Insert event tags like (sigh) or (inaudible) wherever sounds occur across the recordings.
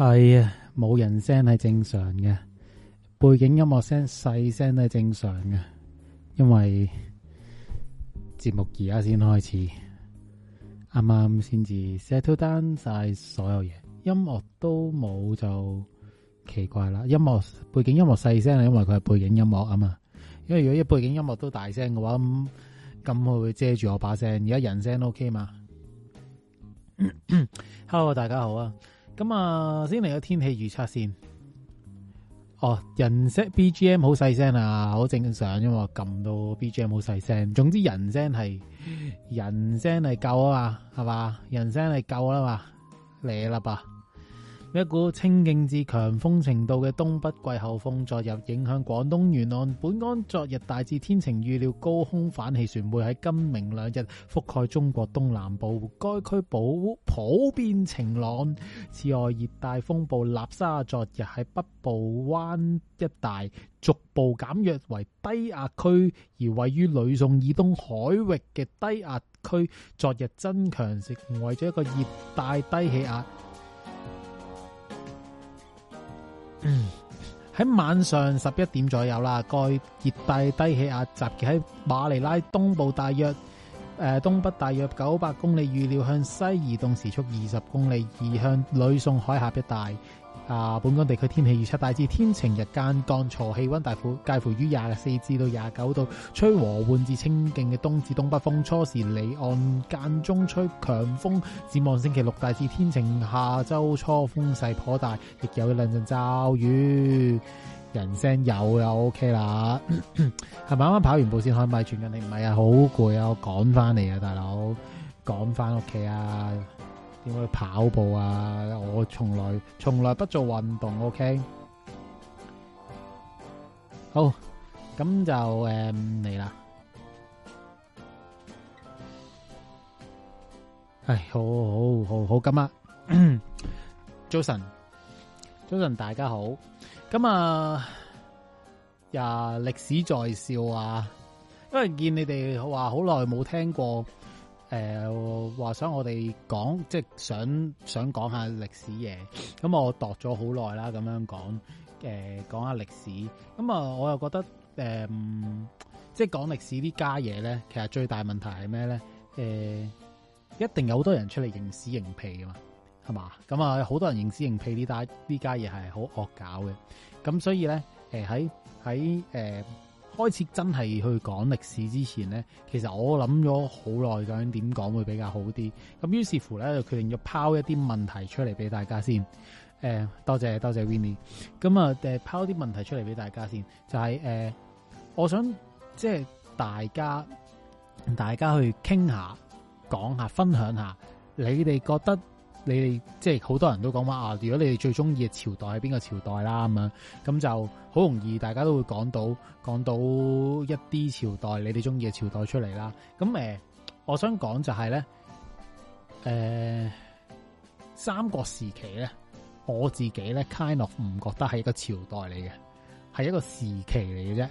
係啊，冇人聲係正常嘅，背景音樂聲細聲都係正常嘅，因為節目而家先開始，啱啱先至 settle down 晒所有嘢，音樂都冇就奇怪啦。音樂背景音樂細聲係因為佢係背景音樂啊嘛，因為如果啲背景音樂都大聲嘅話，咁咁佢會遮住我把聲，而家人聲都 OK 嘛咳咳。Hello，大家好啊。咁啊，先嚟個天氣預測先。哦，人聲 BGM 好細聲啊，好正常啫嘛，撳到 BGM 好細聲。總之人聲係，人聲係夠啊嘛，係嘛？人聲係夠啊嘛，你啦吧。一股清勁至強風程度嘅東北季候風昨日影響廣東沿岸，本港昨日大致天晴，預料高空反氣旋會喺今明兩日覆蓋中國東南部，該區普普遍晴朗。此外，熱帶風暴納沙昨日喺北部灣一帶逐步減弱為低壓區，而位於呂宋以東海域嘅低壓區昨日增強成為咗一個熱帶低氣壓。嗯，喺 (noise) 晚上十一點左右啦，該熱帶低氣壓集結喺馬尼拉東部大約誒、呃、東北大約九百公里，預料向西移動時速二十公里，移向呂宋海峽一帶。啊！本港地區天氣預測大致天晴，日間乾燥，氣温大乎介乎於廿四至到廿九度，吹和緩至清勁嘅東至東北風，初時離岸間中吹強風。展望星期六大致天晴，下周初風勢頗大，亦有兩陣驟雨。人聲有又 OK 啦，係啱啱跑完步先，係咪？傳緊你唔係啊，好攰啊，趕翻嚟啊，大佬，趕翻屋企啊！點去跑步啊！我從來從來不做運動。OK，好，咁就誒嚟啦。唉、嗯哎，好好好好咁啊，早晨，早晨， (coughs) 大家好。咁啊，呀，歷史在笑啊，因為見你哋話好耐冇聽過。誒、呃、話想我哋講，即係想想講下歷史嘢。咁我度咗好耐啦，咁樣講誒講下歷史。咁啊，我又覺得誒、呃，即係講歷史呢家嘢咧，其實最大問題係咩咧？誒、呃、一定有好多人出嚟認屎認屁嘛，係嘛？咁啊，好多人認屎認屁呢家呢家嘢係好惡搞嘅。咁所以咧，誒喺喺誒。開始真係去講歷史之前咧，其實我諗咗好耐，究竟點講會比較好啲。咁於是乎咧，就決定要拋一啲問題出嚟俾大家先。呃、多謝多謝 Winnie。咁啊，誒，拋啲問題出嚟俾大家先，就係、是呃、我想即係大家大家去傾下、講下、分享下，你哋覺得。你哋即係好多人都講話啊，如果你哋最中意嘅朝代係邊個朝代啦咁樣，咁就好容易，大家都會講到講到一啲朝代，你哋中意嘅朝代出嚟啦。咁誒、呃，我想講就係、是、咧，誒、呃，三國時期咧，我自己咧 kind of 唔覺得係一個朝代嚟嘅，係一個時期嚟嘅啫。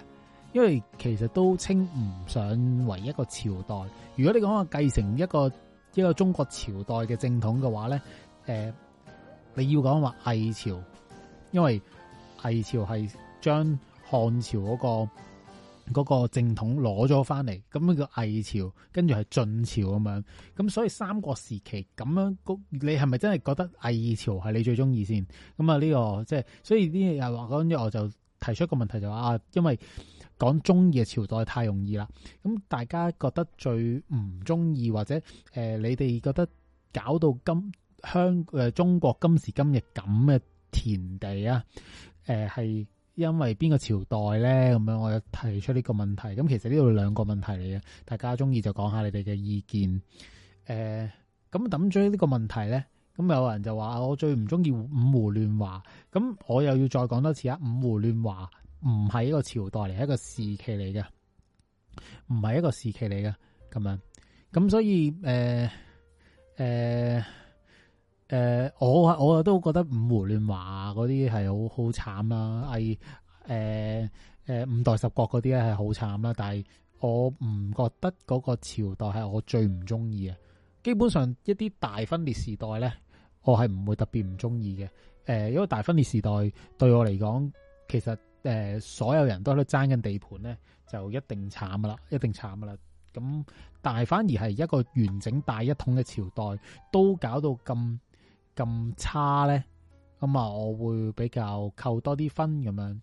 因為其實都稱唔上為一個朝代。如果你講話繼承一個。一個中國朝代嘅正統嘅話咧，誒、呃，你要講話魏朝，因為魏朝係將漢朝嗰個嗰個正統攞咗翻嚟，咁呢叫魏朝，跟住係晉朝咁樣，咁所以三國時期咁樣，你係咪真係覺得魏朝係你最中意先？咁啊呢個即係、就是，所以啲人話講我就提出一個問題就話、是、啊，因為。講中意嘅朝代太容易啦，咁大家覺得最唔中意或者誒、呃，你哋覺得搞到今香誒、呃、中國今時今日咁嘅田地啊，誒、呃、係因為邊個朝代咧？咁樣我提出呢個問題，咁其實呢度兩個問題嚟嘅，大家中意就講下你哋嘅意見。誒、呃，咁抌咗呢個問題咧，咁有人就話我最唔中意五胡亂華，咁我又要再講多次啊，五胡亂華。唔係一個朝代嚟，係一個時期嚟嘅。唔係一個時期嚟嘅。咁樣，咁所以誒誒誒，我啊我啊都覺得五胡亂華嗰啲係好好慘啦、啊。係誒誒五代十國嗰啲咧係好慘啦、啊。但係我唔覺得嗰個朝代係我最唔中意嘅。基本上一啲大分裂時代咧，我係唔會特別唔中意嘅。誒、呃，因為大分裂時代對我嚟講，其實。誒、呃，所有人都喺度爭緊地盤咧，就一定慘噶啦，一定慘噶啦。咁但係反而係一個完整大一統嘅朝代，都搞到咁咁差咧。咁啊，我會比較扣多啲分咁樣。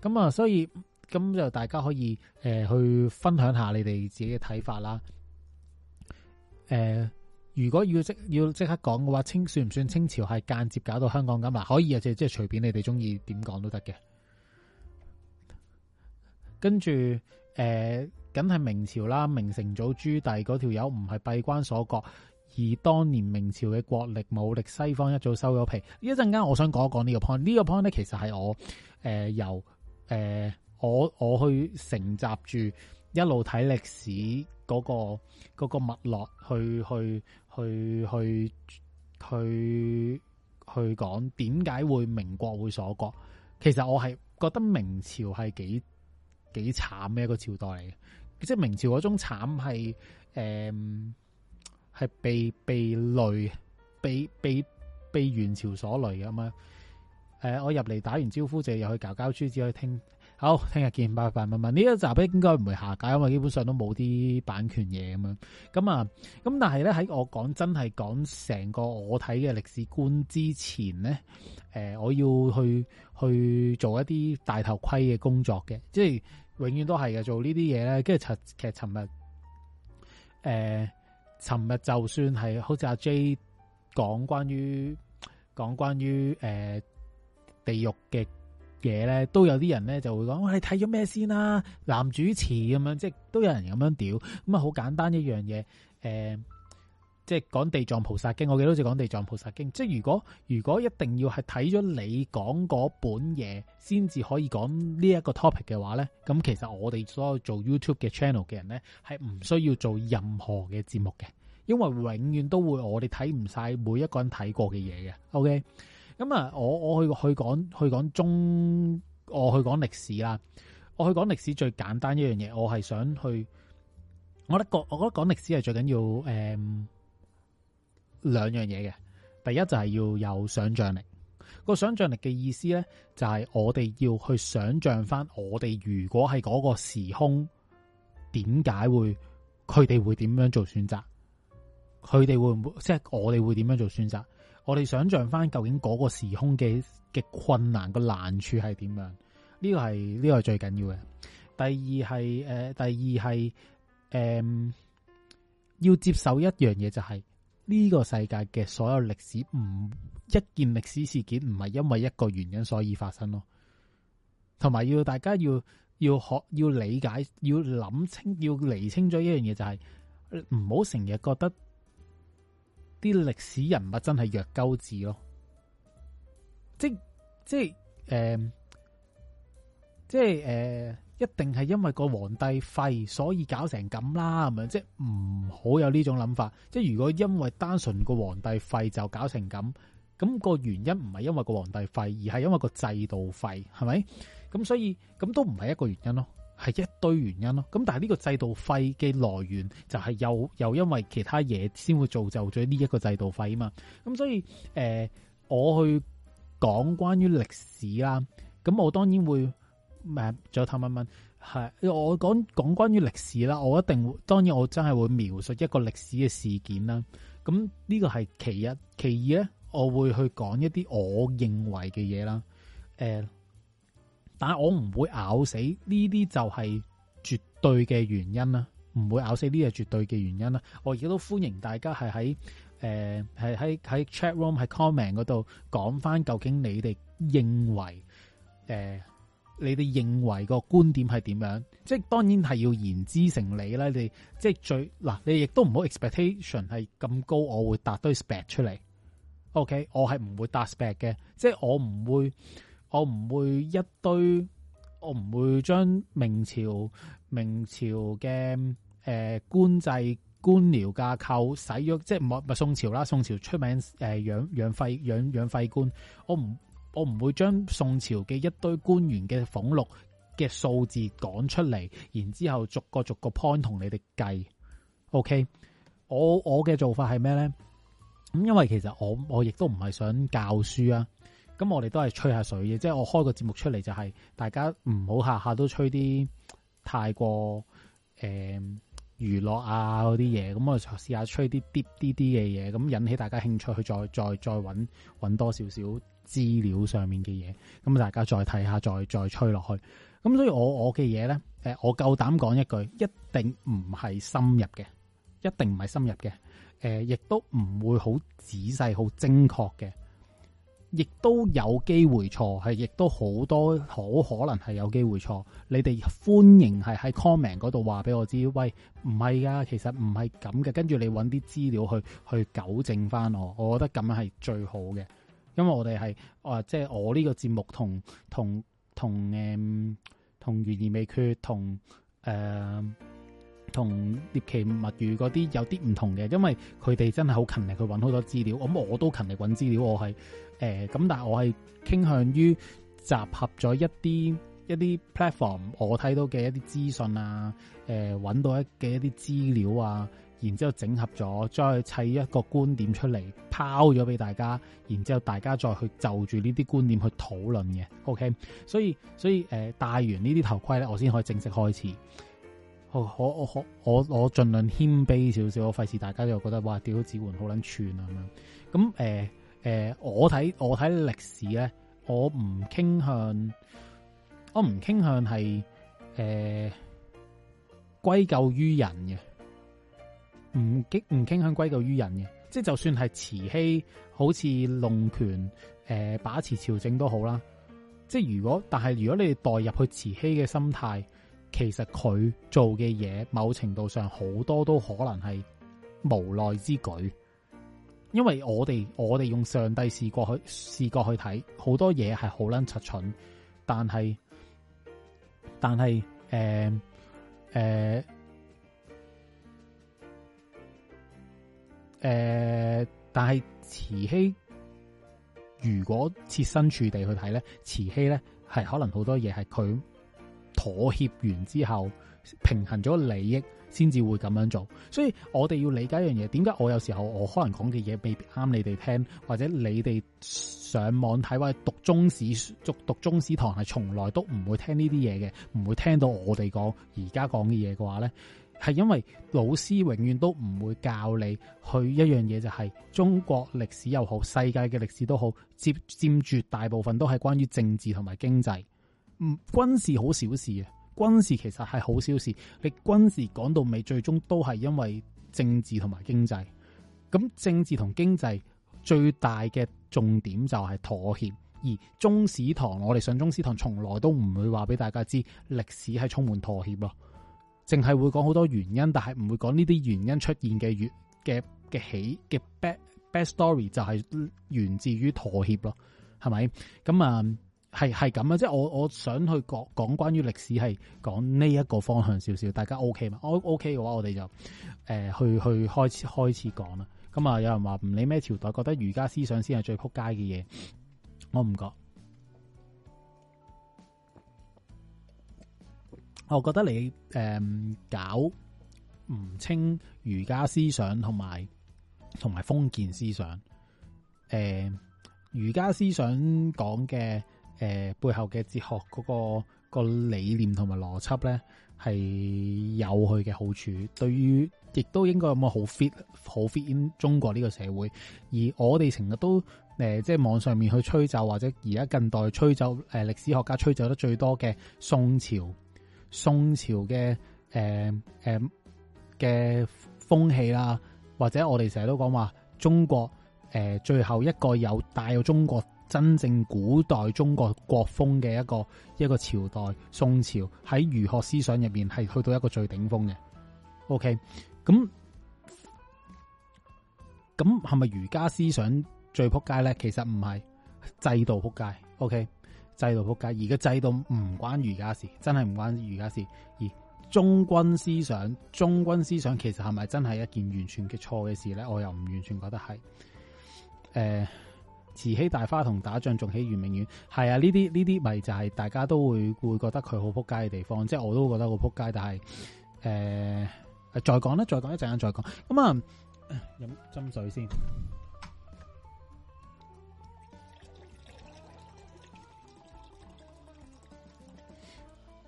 咁啊，所以咁就大家可以誒、呃、去分享下你哋自己嘅睇法啦。誒、呃，如果要即要即刻講嘅話，清，算唔算清朝係間接搞到香港咁啊？可以啊，即係即係隨便你哋中意點講都得嘅。跟住，誒梗係明朝啦。明成祖朱棣嗰條友唔係閉關鎖國，而當年明朝嘅國力武力，西方一早收咗皮。一陣間，我想講一講個、呢個、呢個 point。呢個 point 咧，其實係我誒、呃、由誒、呃、我我去承襲住一路睇歷史嗰、個嗰、個脈絡去去去去去去講點解會明國會鎖國。其實我係覺得明朝係幾幾慘嘅一個朝代嚟嘅，即係明朝嗰種慘係，誒、呃，係被被累，被被被，被元朝所累嘅咁樣。誒、嗯呃，我入嚟打完招呼就又去搞搞豬，只可以聽好，聽日見，拜拜，問問。呢一集應該唔會下架，因為基本上都冇啲版權嘢咁樣。咁、嗯、啊，咁、嗯、但係咧喺我講真係講成個我睇嘅歷史觀之前咧，誒、呃，我要去去做一啲戴頭盔嘅工作嘅，即係。永遠都係嘅，做呢啲嘢咧，跟住其其實，尋日誒，尋日就算係好似阿 J 講關於講關於誒、呃、地獄嘅嘢咧，都有啲人咧就會講，喂，你睇咗咩先啦？男主持咁樣，即係都有人咁樣屌，咁啊好簡單一樣嘢誒。呃即係講地藏菩薩經，我記得好似講地藏菩薩經。即係如果如果一定要係睇咗你講嗰本嘢，先至可以講呢一個 topic 嘅話咧，咁其實我哋所有做 YouTube 嘅 channel 嘅人咧，係唔需要做任何嘅節目嘅，因為永遠都會我哋睇唔晒每一個人睇過嘅嘢嘅。OK，咁啊，我我去去講去講中，我去講歷史啦，我去講歷史最簡單一樣嘢，我係想去，我覺得我覺得講歷史係最緊要誒。嗯兩樣嘢嘅，第一就係要有想象力個想象力嘅意思咧，就係、是、我哋要去想象翻，我哋如果係嗰個時空，點解會佢哋會點樣做選擇？佢哋會唔、就是、會即係我哋會點樣做選擇？我哋想象翻究竟嗰個時空嘅嘅困難個難處係點樣？呢、這個係呢、這個係最緊要嘅。第二係誒、呃，第二係誒、呃，要接受一樣嘢就係、是。呢個世界嘅所有歷史唔，一件歷史事件唔係因為一個原因所以發生咯，同埋要大家要要學要理解要諗清要釐清咗一樣嘢，就係唔好成日覺得啲歷史人物真係弱鳩智咯，即即係誒、呃、即係誒。呃一定係因為個皇帝廢，所以搞成咁啦，即係唔好有呢種諗法。即係如果因為單純個皇帝廢就搞成咁，咁、個原因唔係因為個皇帝廢，而係因為個制度廢，係咪？咁所以咁都唔係一個原因咯，係一堆原因咯。咁但係呢個制度廢嘅來源就係又又因為其他嘢先會造就咗呢一個制度廢啊嘛。咁所以誒、呃，我去講關於歷史啦，咁我當然會。仲有探問問係我講講關於歷史啦。我一定當然我真係會描述一個歷史嘅事件啦。咁呢個係其一，其二咧，我會去講一啲我認為嘅嘢啦。誒、呃，但係我唔會咬死呢啲，這些就係絕對嘅原因啦。唔會咬死呢個絕對嘅原因啦。我亦都歡迎大家係喺誒係喺喺 chat room 喺 comment 嗰度講翻究竟你哋認為誒。呃你哋認為個觀點係點樣？即係當然係要言之成理啦。你即最嗱，啊，你亦都唔好 expectation 係咁高，我會答堆 spec 出嚟。OK，我係唔會搭 spec 嘅，即係我唔會，我唔會一堆，我唔會將明朝明朝嘅誒，呃、官制官僚架構洗咗，即係唔係宋朝啦。宋朝出名誒，養、呃、養廢官，我唔。我唔會將宋朝嘅一堆官員嘅俸禄嘅數字講出嚟，然之後逐個逐個 point 同你哋計。OK，我我嘅做法係咩咧？咁因為其實我我亦都唔係想教書啊。咁我哋都係吹下水嘅，即係我開個節目出嚟就係大家唔好下下都吹啲太過誒娛樂啊嗰啲嘢。咁我嘗試下吹啲 deep 啲啲嘅嘢，咁引起大家興趣去再再再揾揾多少少。資料上面嘅嘢，咁大家再睇下，再再吹落去。咁所以我我嘅嘢呢，誒我夠膽講一句，一定唔係深入嘅，一定唔係深入嘅，誒、呃、亦都唔會好仔細、好精確嘅，亦都有機會錯，係亦都好多好可能係有機會錯。你哋歡迎係喺 comment 嗰度話俾我知，喂唔係噶，其實唔係咁嘅，跟住你揾啲資料去去糾正翻我，我覺得咁樣係最好嘅。因為我哋係啊，即係我呢個節目同同同誒同懸而未決，同誒同獵奇物語嗰啲有啲唔同嘅，因為佢哋真係好勤力去揾好多資料，咁我都勤力揾資料，我係誒咁，但係我係傾向於集合咗一啲一啲 platform，我睇到嘅一啲資訊啊，誒、呃、揾到一嘅一啲資料啊。然之後整合咗，再砌一個觀點出嚟，拋咗俾大家。然之後大家再去就住呢啲觀點去討論嘅。OK，所以所以誒、呃、戴完呢啲頭盔咧，我先可以正式開始。我我我我我盡量謙卑少少、啊嗯呃呃，我費事大家又覺得哇，屌子煥好撚串啊咁樣。咁誒誒，我睇我睇歷史咧，我唔傾向，我唔傾向係誒、呃、歸咎於人嘅。唔激，唔傾向歸咎於人嘅，即係就算係慈禧好似弄權，誒、呃、把持朝政都好啦。即係如果，但係如果你哋代入去慈禧嘅心態，其實佢做嘅嘢，某程度上好多都可能係無奈之舉。因為我哋我哋用上帝視角去視角去睇，好多嘢係好撚七蠢，但係但係誒誒。呃呃誒、呃，但係慈禧，如果設身處地去睇咧，慈禧咧係可能好多嘢，係佢妥協完之後，平衡咗利益先至會咁樣做。所以我哋要理解一樣嘢，點解我有時候我可能講嘅嘢未必啱你哋聽，或者你哋上網睇或者讀中史讀讀中史堂係從來都唔會聽呢啲嘢嘅，唔會聽到我哋講而家講嘅嘢嘅話咧。係因為老師永遠都唔會教你去一樣嘢，就係中國歷史又好，世界嘅歷史都好，佔佔住大部分都係關於政治同埋經濟。嗯，軍事好小事嘅，軍事其實係好小事。你軍事講到尾，最終都係因為政治同埋經濟。咁政治同經濟最大嘅重點就係妥協。而中史堂，我哋上中史堂，從來都唔會話俾大家知歷史係充滿妥協咯。淨係會講好多原因，但係唔會講呢啲原因出現嘅緣嘅嘅起嘅 bad bad story 就係源自於妥協咯，係咪？咁啊，係係咁啊，即係我我想去講講關於歷史係講呢一個方向少少，大家 O K 嘛？我 O K 嘅話，我哋就誒、呃、去去，去開始開始講啦。咁啊，有人話唔理咩朝代，覺得儒家思想先係最撲街嘅嘢，我唔覺。我覺得你誒、嗯、搞唔清儒家思想同埋同埋封建思想。誒、呃，儒家思想講嘅誒背後嘅哲學嗰、那個那個理念同埋邏輯咧，係有佢嘅好處。對於亦都應該有冇好 fit 好 fit in 中國呢個社會。而我哋成日都誒，即、呃、係、就是、網上面去吹奏，或者而家近代吹走誒、呃、歷史學家吹走得最多嘅宋朝。宋朝嘅誒誒嘅風氣啦，或者我哋成日都講話中國誒、呃，最後一個有帶有中國真正古代中國國風嘅一個一個朝代，宋朝喺儒學思想入面係去到一個最頂峰嘅。OK，咁咁係咪儒家思想最扑街咧？其實唔係制度扑街。OK。制度撲街，而家制度唔關儒家事，真係唔關儒家事。而忠君思想，忠君思想其實係咪真係一件完全嘅錯嘅事咧？我又唔完全覺得係。誒、呃，慈禧大花同打仗，仲起圓明園，係啊，呢啲呢啲咪就係大家都會會覺得佢好撲街嘅地方，即係我都覺得好撲街。但係誒、呃，再講啦，再講一陣間再講。咁啊，飲斟水先。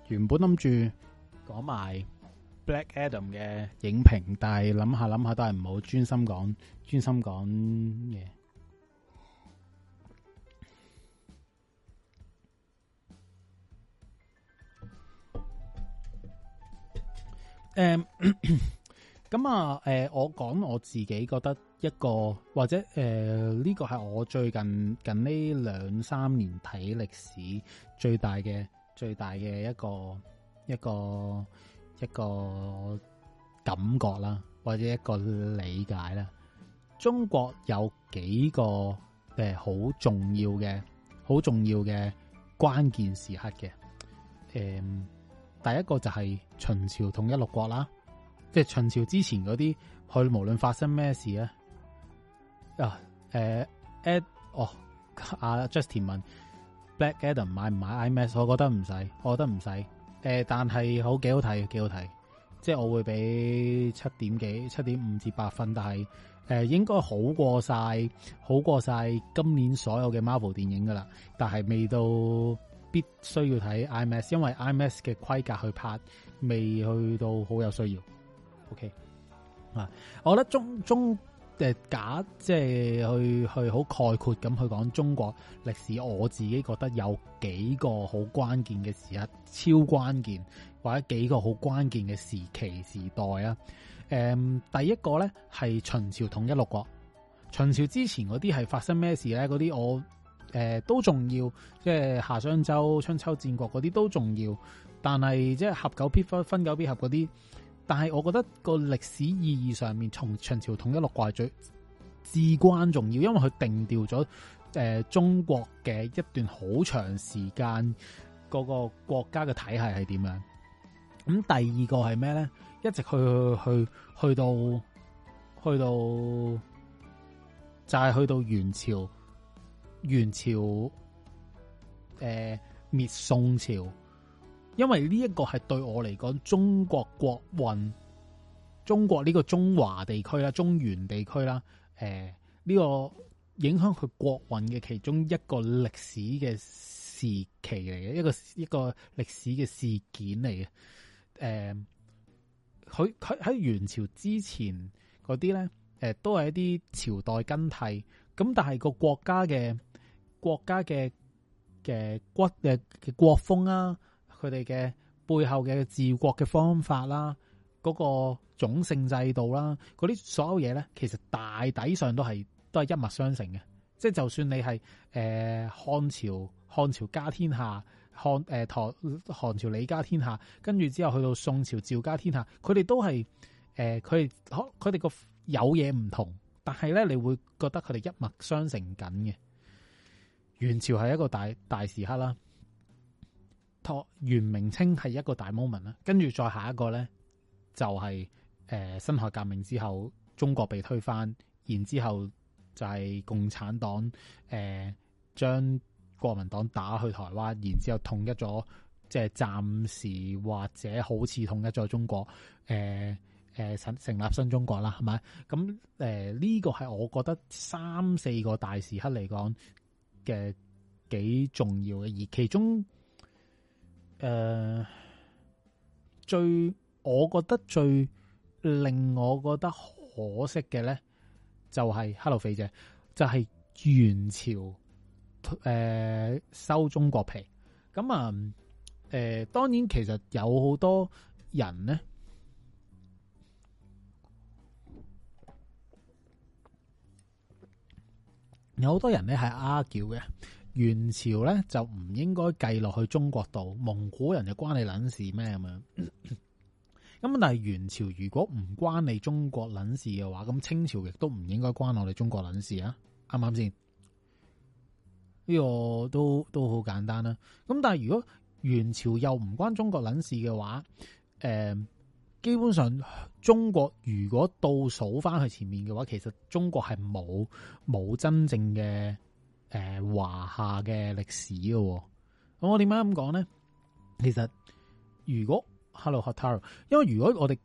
原本諗住講埋 Black Adam 嘅影評，但係諗下諗下都係唔好專心講，專心講嘢。誒、嗯，咁 (coughs) 啊，誒、呃，我講我自己覺得一個或者誒呢、呃這個係我最近近呢兩三年睇歷史最大嘅。最大嘅一個一個一個感覺啦，或者一個理解啦。中國有幾個誒好、呃、重要嘅、好重要嘅關鍵時刻嘅、呃。第一個就係秦朝統一六國啦，即係秦朝之前嗰啲，佢無論發生咩事咧。啊，誒、呃、Ed 哦，阿、啊、Justin 問。Black Adam 買唔買 IMAX，我覺得唔使，我覺得唔使。誒、呃，但係好幾好睇，幾好睇。即係我會俾七點幾、七點五至八分，但係誒、呃、應該好過晒，好過晒今年所有嘅 Marvel 電影㗎喇。但係未到必須要睇 IMAX，因為 IMAX 嘅規格去拍，未去到好有需要。OK，啊，我覺得中中。嘅假即係去去好概括咁去講中國歷史，我自己覺得有幾個好關鍵嘅時刻，超關鍵或者幾個好關鍵嘅時期時代啊。誒、嗯，第一個呢係秦朝統一六國。秦朝之前嗰啲係發生咩事呢？嗰啲我誒、呃、都重要，即係夏商周、春秋戰國嗰啲都重要，但係即係合久必分，分久必合嗰啲。但係我覺得個歷史意義上面，從秦朝統一六國最至關重要，因為佢定調咗誒、呃、中國嘅一段好長時間嗰、那個國家嘅體系係點樣。咁、嗯、第二個係咩咧？一直去去去去到去到就係、是、去到元朝，元朝誒、呃、滅宋朝。因為呢一個係對我嚟講，中國國運、中國呢個中華地區啦、中原地區啦，誒、呃、呢、呢個影響佢國運嘅其中一個歷史嘅時期嚟嘅，一個一個歷史嘅事件嚟嘅。誒、呃，佢佢喺元朝之前嗰啲咧，誒、呃、都係一啲朝代更替咁，但係個國家嘅國家嘅嘅骨誒嘅國風啊。佢哋嘅背後嘅治國嘅方法啦，嗰、那個種姓制度啦，嗰啲所有嘢咧，其實大抵上都係都係一脈相承嘅。即係就算你係誒、呃、漢朝，漢朝家天下，漢誒唐、唐、呃、朝李家天下，跟住之後去到宋朝趙家天下，佢哋都係誒佢哋可佢哋個有嘢唔同，但係咧你會覺得佢哋一脈相承緊嘅。元朝係一個大大時刻啦。原名稱係一個大 moment 啦，跟住再下一個咧就係誒辛亥革命之後，中國被推翻，然之後就係共產黨誒將國民黨打去台灣，然之後統一咗，即係暫時或者好似統一咗中國、呃呃、成立新中國啦，係咪？咁、嗯、呢、呃呢個係我覺得三四個大時刻嚟講嘅幾重要嘅，而其中。誒、呃，最我覺得最令我覺得可惜嘅咧、就是，就係 (noise) Hello，肥姐就係、是、元朝誒、呃、收中國皮，咁啊誒，當然其實有好多人咧， (noise) 有好多人咧係 argue 嘅。元朝咧就唔應該計落去中國度，蒙古人就關你撚事咩咁樣？咁 (laughs) 但係元朝如果唔關你中國撚事嘅話，咁清朝亦都唔應該關我哋中國撚事啊？啱啱先？呢、這個都都好簡單啦、啊。咁但係如果元朝又唔關中國撚事嘅話，誒、呃，基本上中國如果倒數翻去前面嘅話，其實中國係冇冇真正嘅。誒、呃，華夏嘅歷史嘅、啊，咁我點解咁講咧？其實如果 Hello Hotaro，因為如果我哋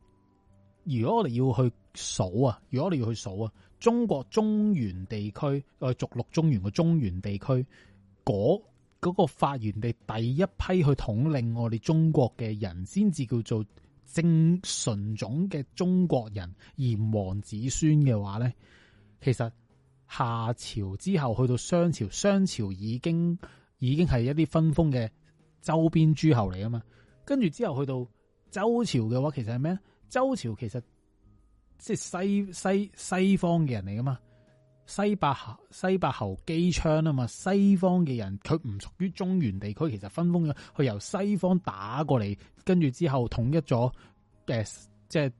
如果我哋要去數啊，如果我哋要去數啊，中國中原地區誒，逐鹿中原嘅中原地區，嗰嗰、嗰個發源地第一批去統領我哋中國嘅人，先至叫做正純種嘅中國人炎黃子孫嘅話咧，其實。夏朝之後去到商朝，商朝已經已經係一啲分封嘅周邊諸侯嚟啊嘛，跟住之後去到周朝嘅話，其實係咩？周朝其實即係西西西方嘅人嚟啊嘛，西伯侯西伯侯姬昌啊嘛，西方嘅人佢唔屬於中原地區，其實分封咗，佢由西方打過嚟，跟住之後統一咗誒、呃，即係。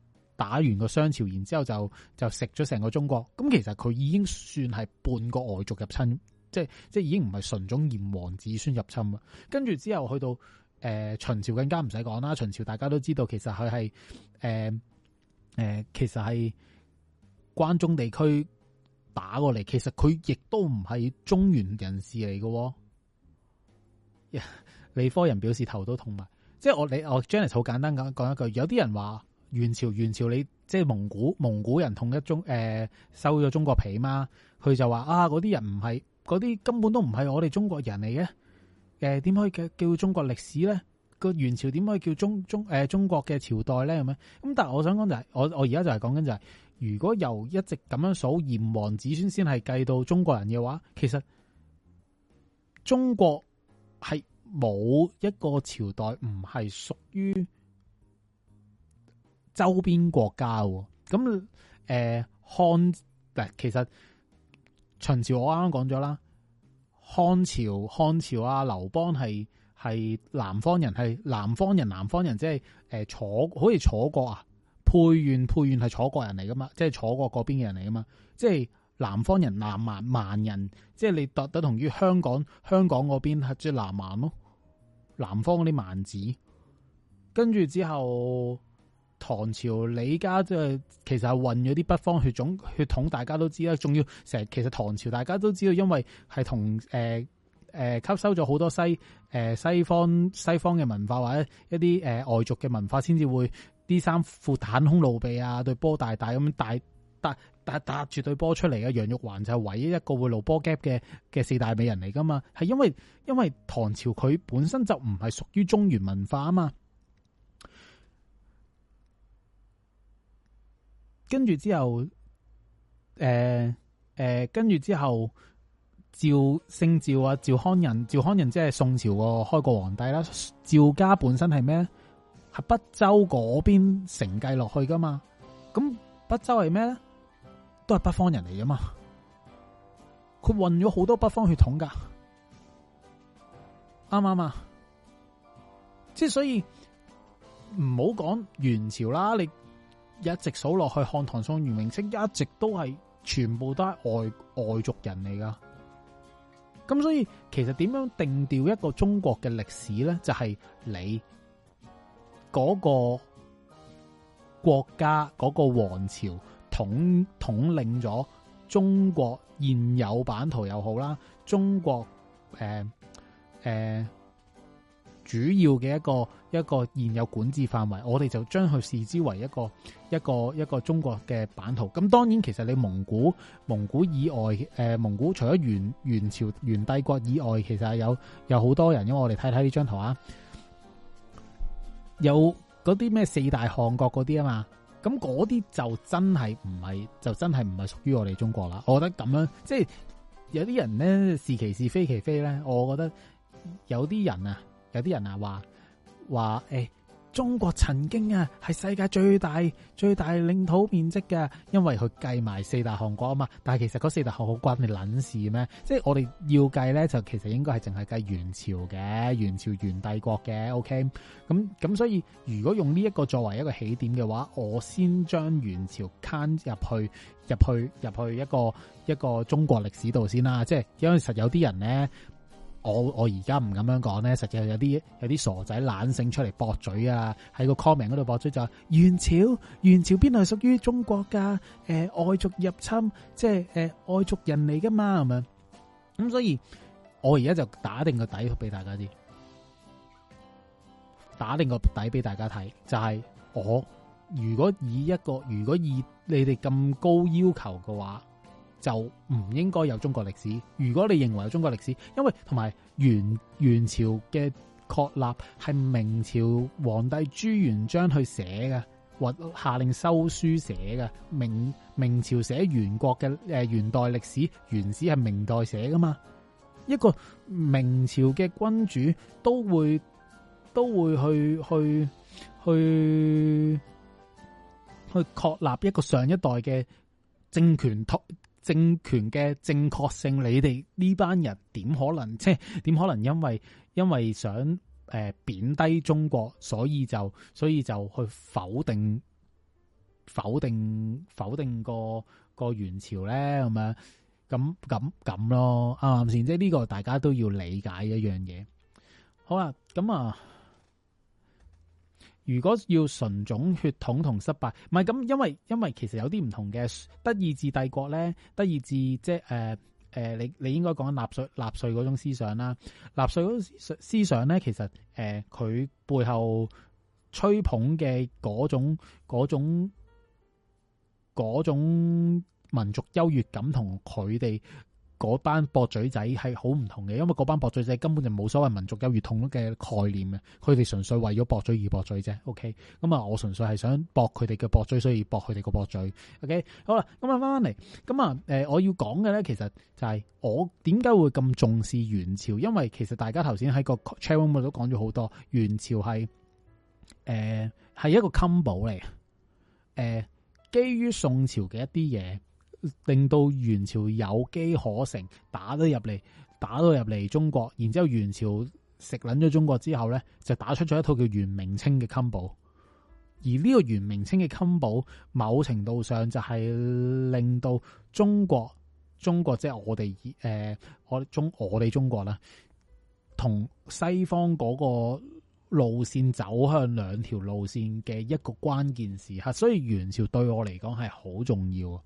打完個商朝，然之後就就食咗成個中國，咁其實佢已經算係半個外族入侵，即係即係已經唔係純種炎黃子孫入侵啊！跟住之後去到誒、呃、秦朝更加唔使講啦，秦朝大家都知道其實佢係誒誒，其實係、呃呃、關中地區打過嚟，其實佢亦都唔係中原人士嚟嘅。理 (laughs) 科人表示頭都痛埋，即係我你我 Janice 好簡單講講一句，有啲人話。元朝，元朝你即係蒙古，蒙古人統一中，誒、呃、收咗中國皮嘛？佢就話啊，嗰啲人唔係，嗰啲根本都唔係我哋中國人嚟嘅。誒、呃，點可以叫叫中國歷史咧？個元朝點可以叫中中誒、呃、中國嘅朝代咧？咁樣咁，但係我想講就係、是，我我而家就係講緊就係、是，如果由一直咁樣數炎黃子孫先係計到中國人嘅話，其實中國係冇一個朝代唔係屬於。周邊國家，咁誒漢，其實秦朝我啱啱講咗啦，漢朝漢朝啊，劉邦係係南方人，係南方人，南方人即係誒楚，好似楚國啊，沛縣沛縣係楚國人嚟噶嘛，即係楚國嗰邊嘅人嚟噶嘛，即係南方人南蠻蠻人，即係你得等同於香港香港嗰邊係即係南蠻咯，南方嗰啲蠻子，跟住之後。唐朝李家即係其實係混咗啲北方血種血統，大家都知啦。仲要成日其實唐朝，大家都知道，因為係同誒誒吸收咗好多西誒、呃、西方西方嘅文化或者一啲誒、呃、外族嘅文化才，先至會啲衫褲袒胸露背啊，對波大大咁大搭搭搭住對波出嚟啊，楊玉環就係唯一一個會露波 gap 嘅嘅四大美人嚟噶嘛。係因為因為唐朝佢本身就唔係屬於中原文化啊嘛。跟住之後，誒、呃、誒、呃，跟住之後，趙姓趙啊，趙匡胤，趙匡胤即係宋朝個開國皇帝啦。趙家本身係咩？係北周嗰邊承繼落去噶嘛？咁北周係咩咧？都係北方人嚟噶嘛？佢混咗好多北方血統噶，啱啱啊？即係所以唔好講元朝啦，你。一直數落去漢唐宋元明清，一直都係全部都係外外族人嚟㗎。咁所以其實點樣定調一個中國嘅歷史咧？就係、是、你嗰、那個國家嗰、那個皇朝統統領咗中國現有版圖又好啦，中國誒誒、呃呃、主要嘅一個。一個現有管治範圍，我哋就將佢視之為一個一個一個中國嘅版圖。咁當然，其實你蒙古蒙古以外，誒、呃、蒙古除咗元元朝元帝國以外，其實係有有好多人。因為我哋睇睇呢張圖啊，有嗰啲咩四大汗國嗰啲啊嘛，咁嗰啲就真係唔係，就真係唔係屬於我哋中國啦。我覺得咁樣，即係有啲人咧是其是非其非咧。我覺得有啲人啊，有啲人啊話。話誒、哎，中國曾經啊係世界最大最大領土面積嘅，因為佢計埋四大汗國啊嘛。但係其實嗰四大汗國關你撚事咩？即係我哋要計咧，就其實應該係淨係計元朝嘅，元朝元帝國嘅。OK，咁咁所以如果用呢一個作為一個起點嘅話，我先將元朝攤入去入去入去一個一個中國歷史度先啦。即係因為實有啲人咧。我我而家唔咁樣講咧，實際上有啲有啲傻仔懶性出嚟駁嘴啊！喺個 comment 嗰度駁嘴就話元朝元朝邊度係屬於中國噶？誒、呃、外族入侵，即係誒、呃、外族人嚟噶嘛？係嘛？咁樣，咁所以，我而家就打定個底俾大家啲，打定個底俾大家睇，就係、是、我如果以一個如果以你哋咁高要求嘅話。就唔應該有中國歷史。如果你認為有中國歷史，因為同埋元元朝嘅確立係明朝皇帝朱元璋去寫嘅，或下令修書寫嘅。明明朝寫元國嘅誒、呃、元代歷史《元史》係明代寫噶嘛？一個明朝嘅君主都會都會去去去去確立一個上一代嘅政權統。政權嘅正確性，你哋呢班人點可能，即係點可能因為因為想誒、呃、貶低中國，所以就所以就去否定否定否定個個元朝咧，咁樣咁咁咁咯，啱唔啱先？即係呢個大家都要理解一樣嘢。好啦，咁啊～如果要純種血統同失敗，唔係咁，因為因為其實有啲唔同嘅德意志帝國咧，德意志即係誒誒，你你應該講納粹納粹嗰種思想啦，納粹嗰種思想咧，其實誒佢、呃、背後吹捧嘅嗰種嗰種嗰種民族優越感同佢哋。嗰班駁嘴仔係好唔同嘅，因為嗰班駁嘴仔根本就冇所謂民族優越統一嘅概念嘅，佢哋純粹為咗駁嘴而駁嘴啫。OK，咁啊，我純粹係想駁佢哋嘅駁嘴，所以駁佢哋個駁嘴。OK，好啦，咁啊，翻翻嚟，咁啊，誒，我要講嘅咧，其實就係我點解會咁重視元朝，因為其實大家頭先喺個 channel 都講咗好多，元朝係誒係一個 combo 嚟，誒、呃、基於宋朝嘅一啲嘢。令到元朝有機可乘，打到入嚟，打到入嚟中國。然之後元朝食捻咗中國之後咧，就打出咗一套叫元明清嘅 combo。而呢個元明清嘅 combo，某程度上就係令到中國中國即係我哋，誒、呃，我中我哋中國啦，同西方嗰個路線走向兩條路線嘅一個關鍵時刻。所以元朝對我嚟講係好重要。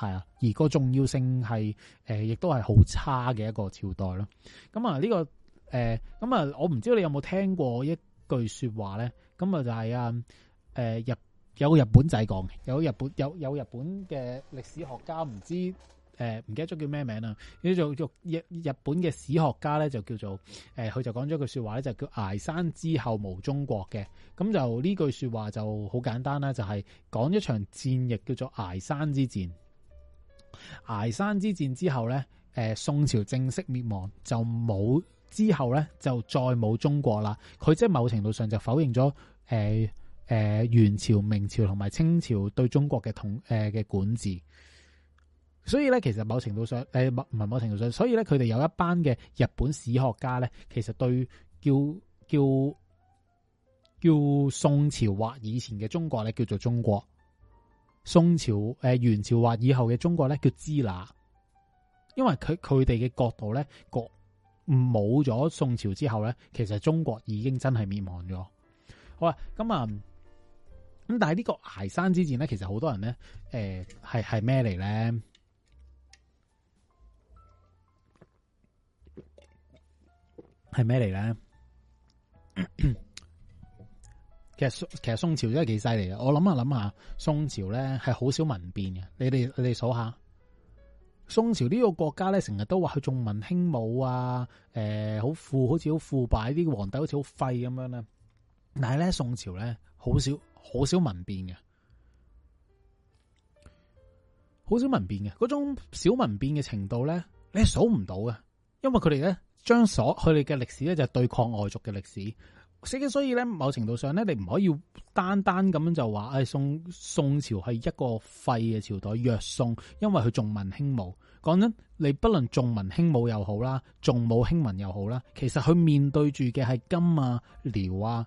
係啊，而個重要性係誒、呃，亦都係好差嘅一個朝代咯。咁、嗯、啊，呢、這個咁、呃嗯、啊，我唔知你有冇聽過一句說話咧？咁啊、就是，就係啊日有個日本仔講有日本有有日本嘅歷史學家，唔知誒唔、呃、記得咗叫咩名啊？叫做日日本嘅史學家咧，就叫做誒，佢、呃、就講咗一句說話咧，就叫崖山之後無中國嘅。咁、嗯、就呢句說話就好簡單啦，就係、是、講一場戰役叫做崖山之戰。崖山之戰之後咧，誒，宋朝正式滅亡，就冇之後咧，就再冇中國啦。佢即係某程度上就否認咗，誒、呃、誒、呃，元朝、明朝同埋清朝對中國嘅統誒嘅、呃、管治。所以咧，其實某程度上，誒唔唔係某程度上，所以咧，佢哋有一班嘅日本史學家咧，其實對叫叫叫宋朝或以前嘅中國咧，叫做中國。宋朝、誒、呃、元朝或以後嘅中國咧，叫支那，因為佢佢哋嘅角度咧，國冇咗宋朝之後咧，其實中國已經真係滅亡咗。好啊，咁、嗯、啊，咁但係呢個崖山之戰咧，其實好多人咧，誒係係咩嚟咧？係咩嚟咧？ (coughs) 其實宋其實宋朝真係幾犀利嘅，我諗下諗下，宋朝咧係、啊呃、好少民變嘅。你哋你哋數下，宋朝呢個國家咧成日都話佢重文輕武啊，誒，好腐，好似好腐敗啲皇帝，好似好廢咁樣咧。但係咧宋朝咧好少好少民變嘅，好少民變嘅，嗰種小民變嘅程度咧，你數唔到嘅，因為佢哋咧將所佢哋嘅歷史咧就係、是、對抗外族嘅歷史。所以所以咧，某程度上咧，你唔可以單單咁樣就話，誒、哎、宋宋朝係一個廢嘅朝代，弱宋，因為佢重文輕武。講真，你不論重文輕武又好啦，重武輕文又好啦，其實佢面對住嘅係金啊、遼啊、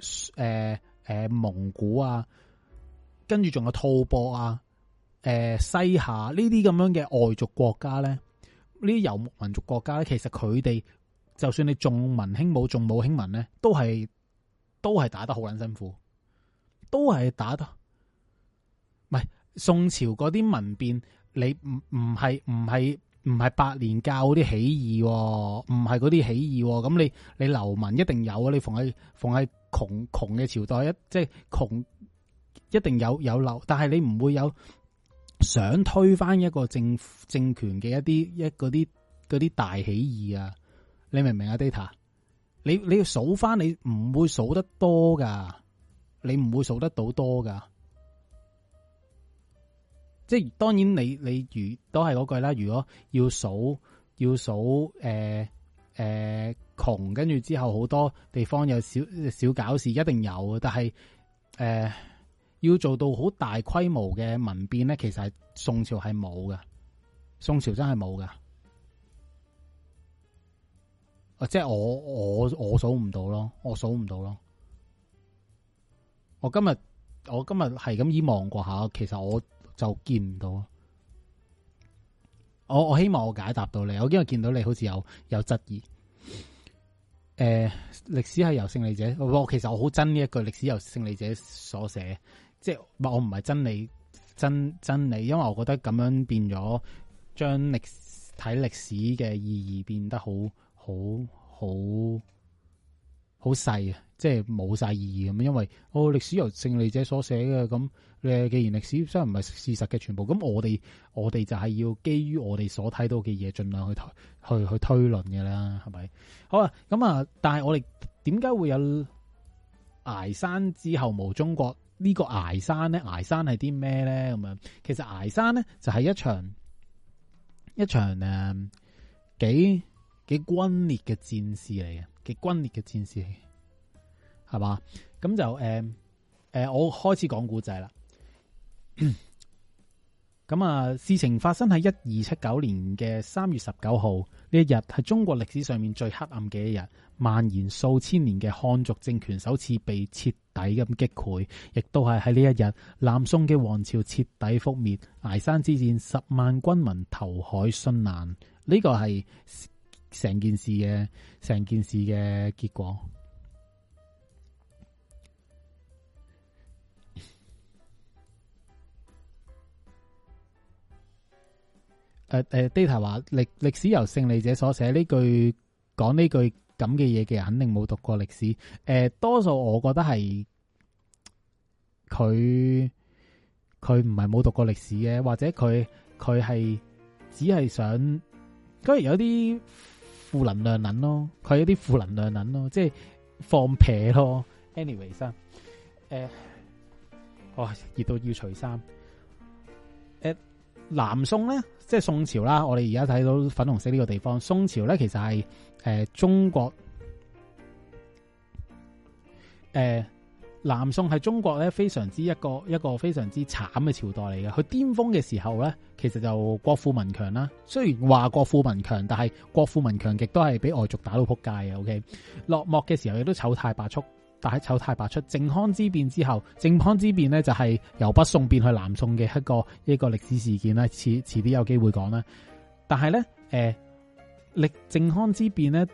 誒、呃、誒、呃、蒙古啊，跟住仲有吐蕃啊、誒、呃、西夏呢啲咁樣嘅外族國家咧，呢啲游牧民族國家咧，其實佢哋。就算你重文輕武，重武輕文咧，都係都係打得好撚辛苦，都係打得，唔係宋朝嗰啲民變，你唔唔係唔係唔係百年教嗰啲起義，唔係嗰啲起義，咁你你流民一定有，你逢喺逢係窮窮嘅朝代，一即係窮一定有有流，但係你唔會有想推翻一個政政權嘅一啲一啲啲大起義啊。你明唔明啊，Data？你你要數返，你唔會數得多噶，你唔會數得到多噶。即係當然你，你你如都係嗰句啦。如果要數，要數，誒、呃、誒，窮跟住之後好多地方有少少搞事，一定有。但係誒、呃，要做到好大規模嘅民變咧，其實係宋朝係冇㗎。宋朝真係冇㗎。即係我我我數唔到咯，我數唔到咯。我今日我今日係咁以望過下，其實我就見唔到。我我希望我解答到你。我今日見到你好似有有質疑。誒、呃，歷史係由勝利者，我其實我好憎呢一句歷史由勝利者所寫。即係我唔係真理真真理，因為我覺得咁樣變咗，將歷睇歷史嘅意義變得好。好好好細啊！即係冇晒意義咁，因為我哦、歷史由勝利者所寫嘅，咁你既然歷史雖然唔係事實嘅全部，咁我哋我哋就係要基於我哋所睇到嘅嘢，盡量去推去去推論嘅啦，係咪？好啊，咁啊，但係我哋點解會有崖山之後無中國呢，這個崖山呢？崖山係啲咩咧？咁樣其實崖山咧就係、是、一場一場誒、嗯、幾。幾轟烈嘅戰士嚟嘅，幾轟烈嘅戰士嚟，係嘛？咁就誒誒、呃呃，我開始講古仔啦。咁 (coughs) 啊，事情發生喺一二七九年嘅三月十九號呢一日，係中國歷史上面最黑暗嘅一日，蔓延數千年嘅漢族政權首次被徹底咁擊潰，亦都係喺呢一日，南宋嘅王朝徹底覆滅。崖山之戰，十萬軍民投海殉難。呢、這個係。成件事嘅成件事嘅結果。誒、uh, 誒、uh,data 話歷歷史由勝利者所寫呢句，講呢句咁嘅嘢嘅人肯定冇讀過歷史。誒、uh，多數我覺得係佢佢唔係冇讀過歷史嘅，或者佢佢係只係想，雖然有啲。負能量撚咯，佢有啲負能量撚咯，即係放屁咯。Anyways 啊、呃，誒、哦，哇，熱到要除衫。誒、呃，南宋咧，即係宋朝啦，我哋而家睇到粉紅色呢個地方。宋朝咧，其實係誒、呃、中國誒。呃南宋係中國咧，非常之一個一個非常之慘嘅朝代嚟嘅，佢巔峰嘅時候咧，其實就國富民強啦。雖然話國富民強，但係國富民強亦都係俾外族打到撲街嘅。OK，落幕嘅時候亦都醜態百出，但係醜態百出。靖康之變之後，靖康之變咧就係、是、由北宋變去南宋嘅一個呢個歷史事件啦。遲遲啲有機會講啦。但係咧，誒、呃，歷靖康之變咧。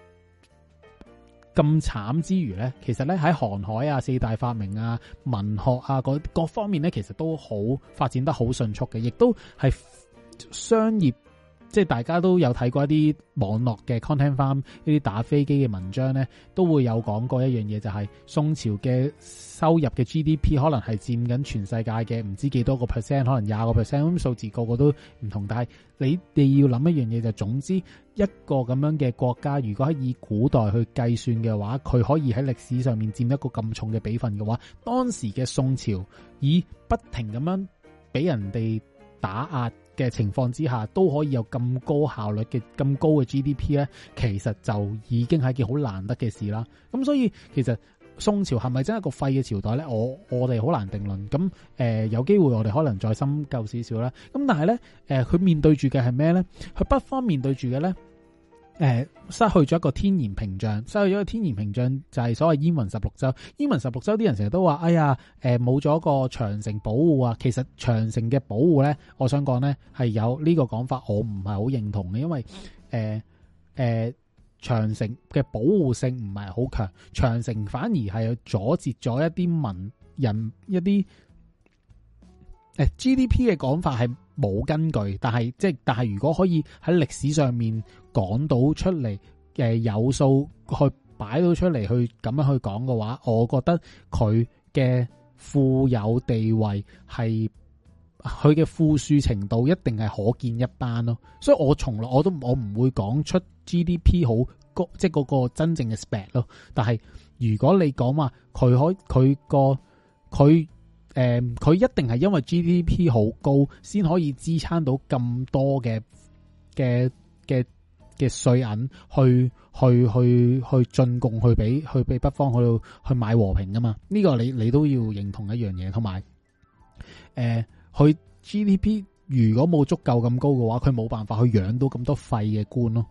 咁慘之餘咧，其實咧喺航海啊、四大發明啊、文學啊各各方面咧，其實都好發展得好迅速嘅，亦都係商業。即係大家都有睇過一啲網絡嘅 content farm 一啲打飛機嘅文章咧，都會有講過一樣嘢，就係宋朝嘅收入嘅 GDP 可能係佔緊全世界嘅唔知幾多個 percent，可能廿個 percent 咁，數字個個都唔同。但係你哋要諗一樣嘢，就總之一個咁樣嘅國家，如果喺以古代去計算嘅話，佢可以喺歷史上面佔一個咁重嘅比分嘅話，當時嘅宋朝以不停咁樣俾人哋打壓嘅情況之下，都可以有咁高效率嘅咁高嘅 GDP 呢，其實就已經係件好難得嘅事啦。咁所以其實宋朝係咪真係一個廢嘅朝代呢？我我哋好難定論。咁誒、呃、有機會我哋可能再深究少少啦。咁但係呢，誒、呃，佢面對住嘅係咩呢？佢北方面對住嘅呢？誒、呃，失去咗一個天然屏障，失去咗個天然屏障就係、是、所謂燕雲十六州。燕雲十六州啲人成日都話，哎呀，誒、呃，冇咗個長城保護啊。其實長城嘅保護咧，我想講咧係有呢個講法，我唔係好認同嘅，因為誒誒、呃呃，長城嘅保護性唔係好強，長城反而係阻截咗一啲人一啲誒、呃、GDP 嘅講法係。冇根據，但係即係，但係如果可以喺歷史上面講到出嚟，誒有數去擺到出嚟去咁樣去講嘅話，我覺得佢嘅富有地位係佢嘅富庶程度一定係可見一斑咯。所以我從來我都我唔會講出 GDP 好高，即係嗰個真正嘅 spec 咯。但係如果你講話佢可佢個佢。誒、嗯，佢一定係因為 GDP 好高，先可以支撐到咁多嘅嘅嘅嘅稅銀去去去去，去進貢去俾去俾北方去去買和平噶嘛？呢、呢個你你都要認同一樣嘢，同埋誒，佢、嗯、GDP 如果冇足夠咁高嘅話，佢冇辦法去養到咁多廢嘅官咯。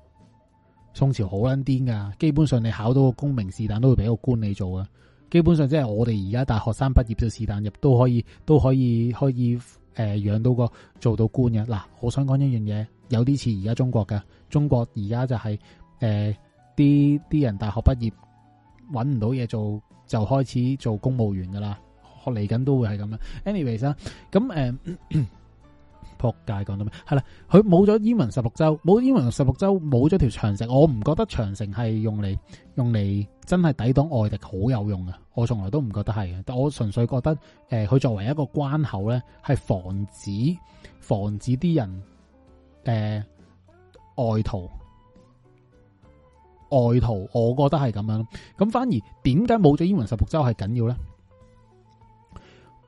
宋朝好撚癲噶，基本上你考到個功名是但，都會俾個官你做㗎。基本上即係我哋而家大學生畢業就是但入都可以都可以可以誒、呃、養到個做到官嘅。嗱、啊，我想講一樣嘢，有啲似而家中國嘅，中國而家就係誒啲啲人大學畢業揾唔到嘢做，就開始做公務員噶啦，我嚟緊都會係咁樣。anyways 啦，咁、呃、誒。 (coughs) 撲街講到咩？係啦，佢冇咗燕雲十六州，冇燕雲十六州，冇咗條長城，我唔覺得長城係用嚟用嚟真係抵擋外敵好有用嘅，我從來都唔覺得係，但我純粹覺得，誒、呃，佢作為一個關口咧，係防止防止啲人誒、呃、外逃，外逃，我覺得係咁樣，咁反而點解冇咗燕雲十六州係緊要咧？誒、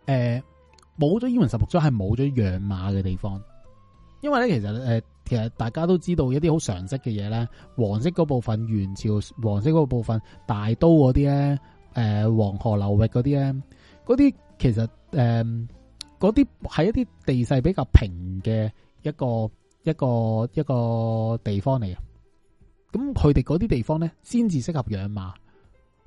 呃。冇咗燕雲十六州係冇咗養馬嘅地方，因為咧其實誒、呃，其實大家都知道一啲好常識嘅嘢咧，黃色嗰部分元朝黃色嗰部分大都嗰啲咧，誒、呃、黃河流域嗰啲咧，嗰啲其實誒嗰啲係一啲地勢比較平嘅一個一個一個地方嚟嘅，咁佢哋嗰啲地方咧先至適合養馬，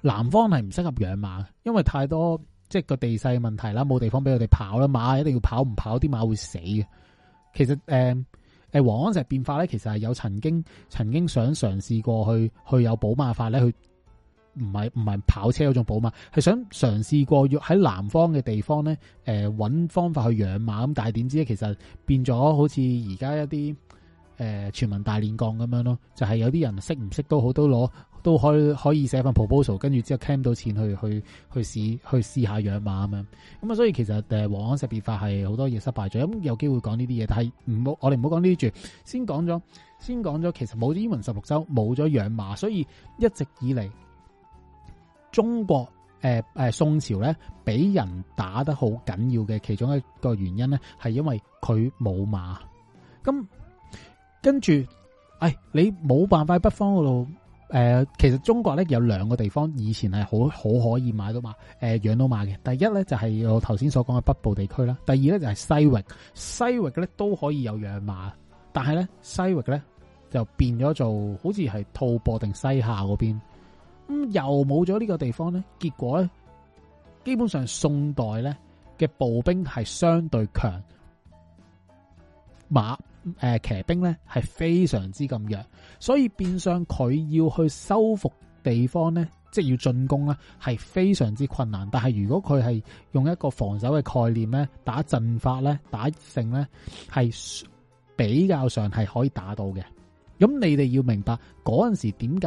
南方係唔適合養馬，因為太多。即係個地勢嘅問題啦，冇地方俾我哋跑啦，馬一定要跑，唔跑，啲馬會死嘅。其實誒誒，王、呃、安石變化咧，其實係有曾經曾經想嘗試過去去有保馬法咧，去唔係唔係跑車嗰種寶馬，係想嘗試過要喺南方嘅地方咧，誒、呃、搵方法去養馬咁。但係點知咧，其實變咗好似而家一啲誒、呃、全民大煉鋼咁樣咯，就係、是、有啲人識唔識都好都攞。都都可以可以寫份 proposal，跟住之後 claim 到錢去去去試去試下養馬咁樣咁啊。所以其實誒王安石變法係好多嘢失敗咗，咁有機會講呢啲嘢，但係唔好我哋唔好講呢啲住。先講咗先講咗，其實冇咗燕雲十六州，冇咗養馬，所以一直以嚟中國誒誒、呃呃、宋朝咧，俾人打得好緊要嘅其中一個原因咧，係因為佢冇馬。咁跟住，哎你冇辦法喺北方嗰度。誒、呃，其實中國咧有兩個地方以前係好好可以買到馬，誒、呃、養到馬嘅。第一咧就係、是、我頭先所講嘅北部地區啦，第二咧就係、是、西域，西域嘅咧都可以有養馬，但係咧西域嘅咧就變咗做，好似係吐蕃定西夏嗰邊，咁、嗯、又冇咗呢個地方咧，結果咧，基本上宋代咧嘅步兵係相對強馬。誒，騎兵咧係非常之咁弱，所以變相佢要去收復地方咧，即係要進攻咧，係非常之困難。但係如果佢係用一個防守嘅概念咧，打陣法咧，打勝咧，係比較上係可以打到嘅。咁你哋要明白嗰陣時點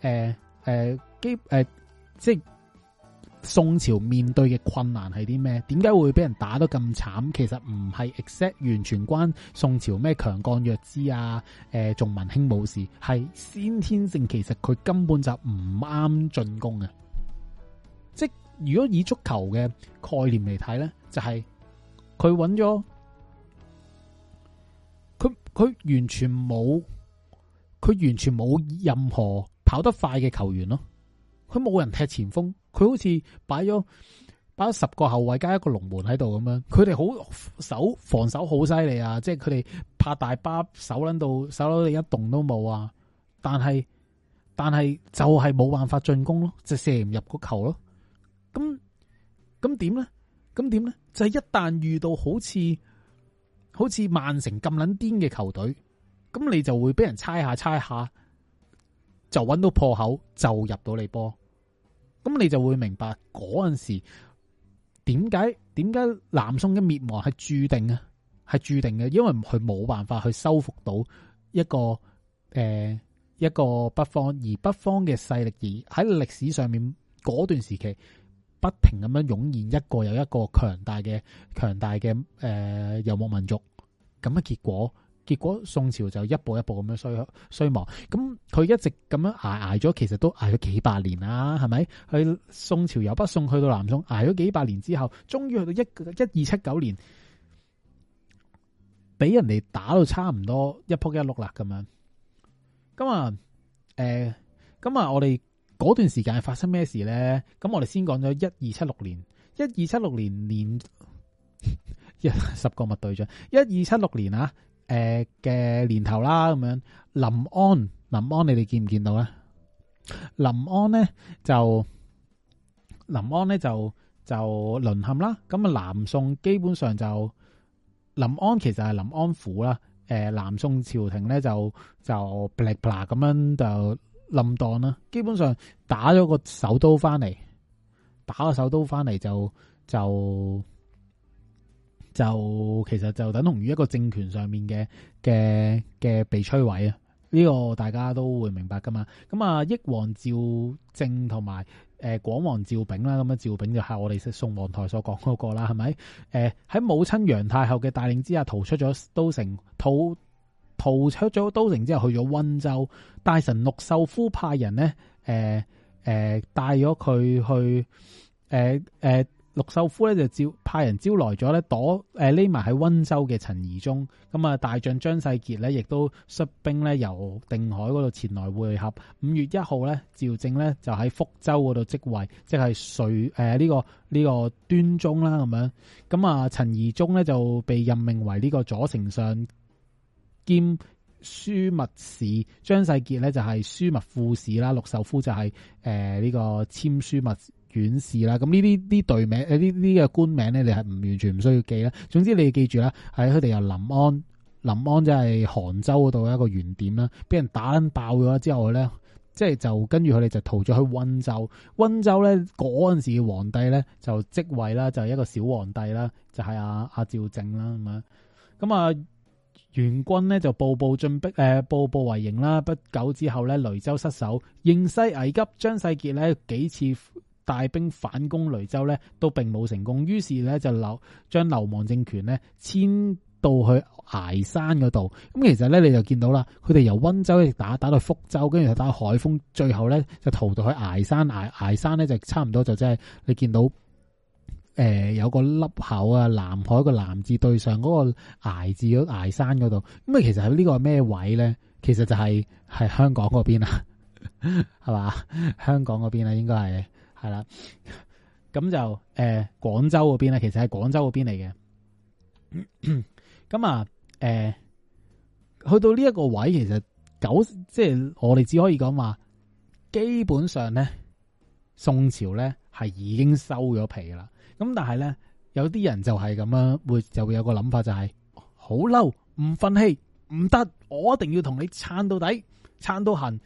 解誒誒基誒即宋朝面對嘅困難係啲咩？點解會俾人打得咁慘？其實唔係 except 完全關宋朝咩強幹弱枝啊？誒、呃，重文輕武事，係先天性。其實佢根本就唔啱進攻嘅。即如果以足球嘅概念嚟睇咧，就係佢揾咗佢，佢完全冇，佢完全冇任何跑得快嘅球員咯。佢冇人踢前鋒。佢好似擺咗擺咗十個後衛加一個龍門喺度咁樣，佢哋好守防守好犀利啊！即係佢哋拍大巴手捻到守到你一動都冇啊！但係但係就係冇辦法進攻咯，就射唔入個球咯。咁咁點咧？咁點咧？就係一旦遇到好似好似曼城咁捻癲嘅球隊，咁你就會俾人猜下猜下，就揾到破口就入到你波。咁你就會明白嗰陣時點解點解南宋嘅滅亡係注定啊，係注定嘅，因為佢冇辦法去收復到一個誒一個北方，而北方嘅勢力而喺歷史上面嗰段時期，不停咁樣湧現一個又一個強大嘅強大嘅誒游牧民族，咁嘅結果。結果宋朝就一步一步咁樣衰衰亡，咁佢一直咁樣挨挨咗，其實都挨咗幾百年啦，係咪？去宋朝由北宋去到南宋，挨咗幾百年之後，終於去到一一二七九年，俾人哋打到差唔多一仆一碌啦咁樣。咁啊，誒、呃，咁啊，我哋嗰段時間發生咩事咧？咁我哋先講咗一二七六年，一二七六年年一 (laughs) 十個物對象，一二七六年啊。誒、呃、嘅年頭啦，咁樣臨安臨安，臨安你哋見唔見到咧？臨安咧就臨安咧就就淪陷啦。咁、嗯、啊，南宋基本上就臨安其實係臨安府啦。誒、呃，南宋朝廷咧就就噼里啪啦咁樣就冧檔啦。基本上打咗個首都翻嚟，打個首都翻嚟就就。就就其實就等同於一個政權上面嘅嘅嘅被摧毀啊！呢個大家都會明白噶嘛。咁啊，益王趙正同埋誒廣王趙昺啦，咁啊趙昺就係我哋宋皇台所講嗰個啦，係咪？誒喺母親楊太后嘅帶領之下逃出咗都城，逃逃出咗都城之後去咗溫州，大臣陸秀夫派人呢，誒誒帶咗佢去，誒誒。陸秀夫咧就招派人招來咗咧，躲誒匿埋喺溫州嘅陳宜中。咁啊，大將張世傑呢亦都率兵呢由定海嗰度前來會合。五月一號呢，趙正呢就喺福州嗰度即位，即係垂誒呢個呢、呢個端宗啦咁樣。咁、呃、啊，陳宜中呢就被任命為呢個左丞相兼樞密使，張世傑呢就係樞密副使啦，陸秀夫就係誒呢個簽樞密使。院士啦，咁呢啲啲隊名誒，呢啲嘅官名咧，你係唔完全唔需要記啦。總之你記住啦，喺佢哋由臨安臨安即係杭州嗰度一個原點啦，俾人打爆咗之後咧，即係就跟住佢哋就逃咗去溫州。溫州咧嗰陣時嘅皇帝咧就即位啦，就係、就是、一個小皇帝啦，就係阿阿趙靖啦咁樣。咁啊，啊，元軍呢就步步進逼，誒、呃，步步為營啦。不久之後咧，雷州失守，形勢危急，張世傑咧幾次。帶兵反攻雷州咧，都並冇成功，於是咧就流將流亡政權咧遷到去崖山嗰度。咁、嗯、其實咧，你就見到啦，佢哋由溫州一直打打到福州，跟住打到海豐，最後咧就逃到去崖山。崖崖山咧就差唔多就即、是、係你見到誒、呃、有個凹口啊，南海個南字對上嗰個崖字，個崖山嗰度咁啊。其實喺呢個係咩位咧？其實就係、是、係香港嗰邊啊，係 (laughs) 嘛？香港嗰邊啊，應該係。係啦，咁就誒廣、呃、州嗰邊咧，其實係廣州嗰邊嚟嘅。咁啊，誒、呃、去到呢一個位，其實九即係我哋只可以講話，基本上咧宋朝咧係已經收咗皮㗎啦。咁但係咧有啲人就係咁樣，會就會有個諗法就係好嬲，唔忿氣，唔得，我一定要同你撐到底，撐到痕。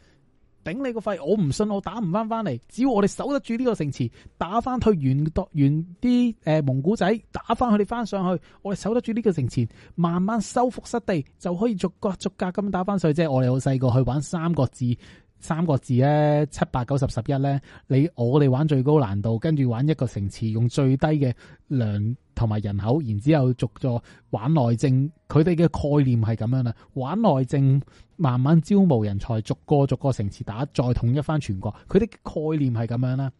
頂你個肺！我唔信，我打唔翻翻嚟。只要我哋守得住呢個城池，打翻去原啲誒、呃、蒙古仔，打翻佢哋翻上去，我哋守得住呢個城池，慢慢收復失地，就可以逐格逐格咁打翻上去。即係我哋好細個去玩三國志。三個字咧，七百九十十一咧，你我哋玩最高難度，跟住玩一個城池，用最低嘅糧同埋人口，然之後逐咗玩內政，佢哋嘅概念係咁樣啦。玩內政，慢慢招募人才，逐個逐個城池打，再統一翻全國。佢啲概念係咁樣啦。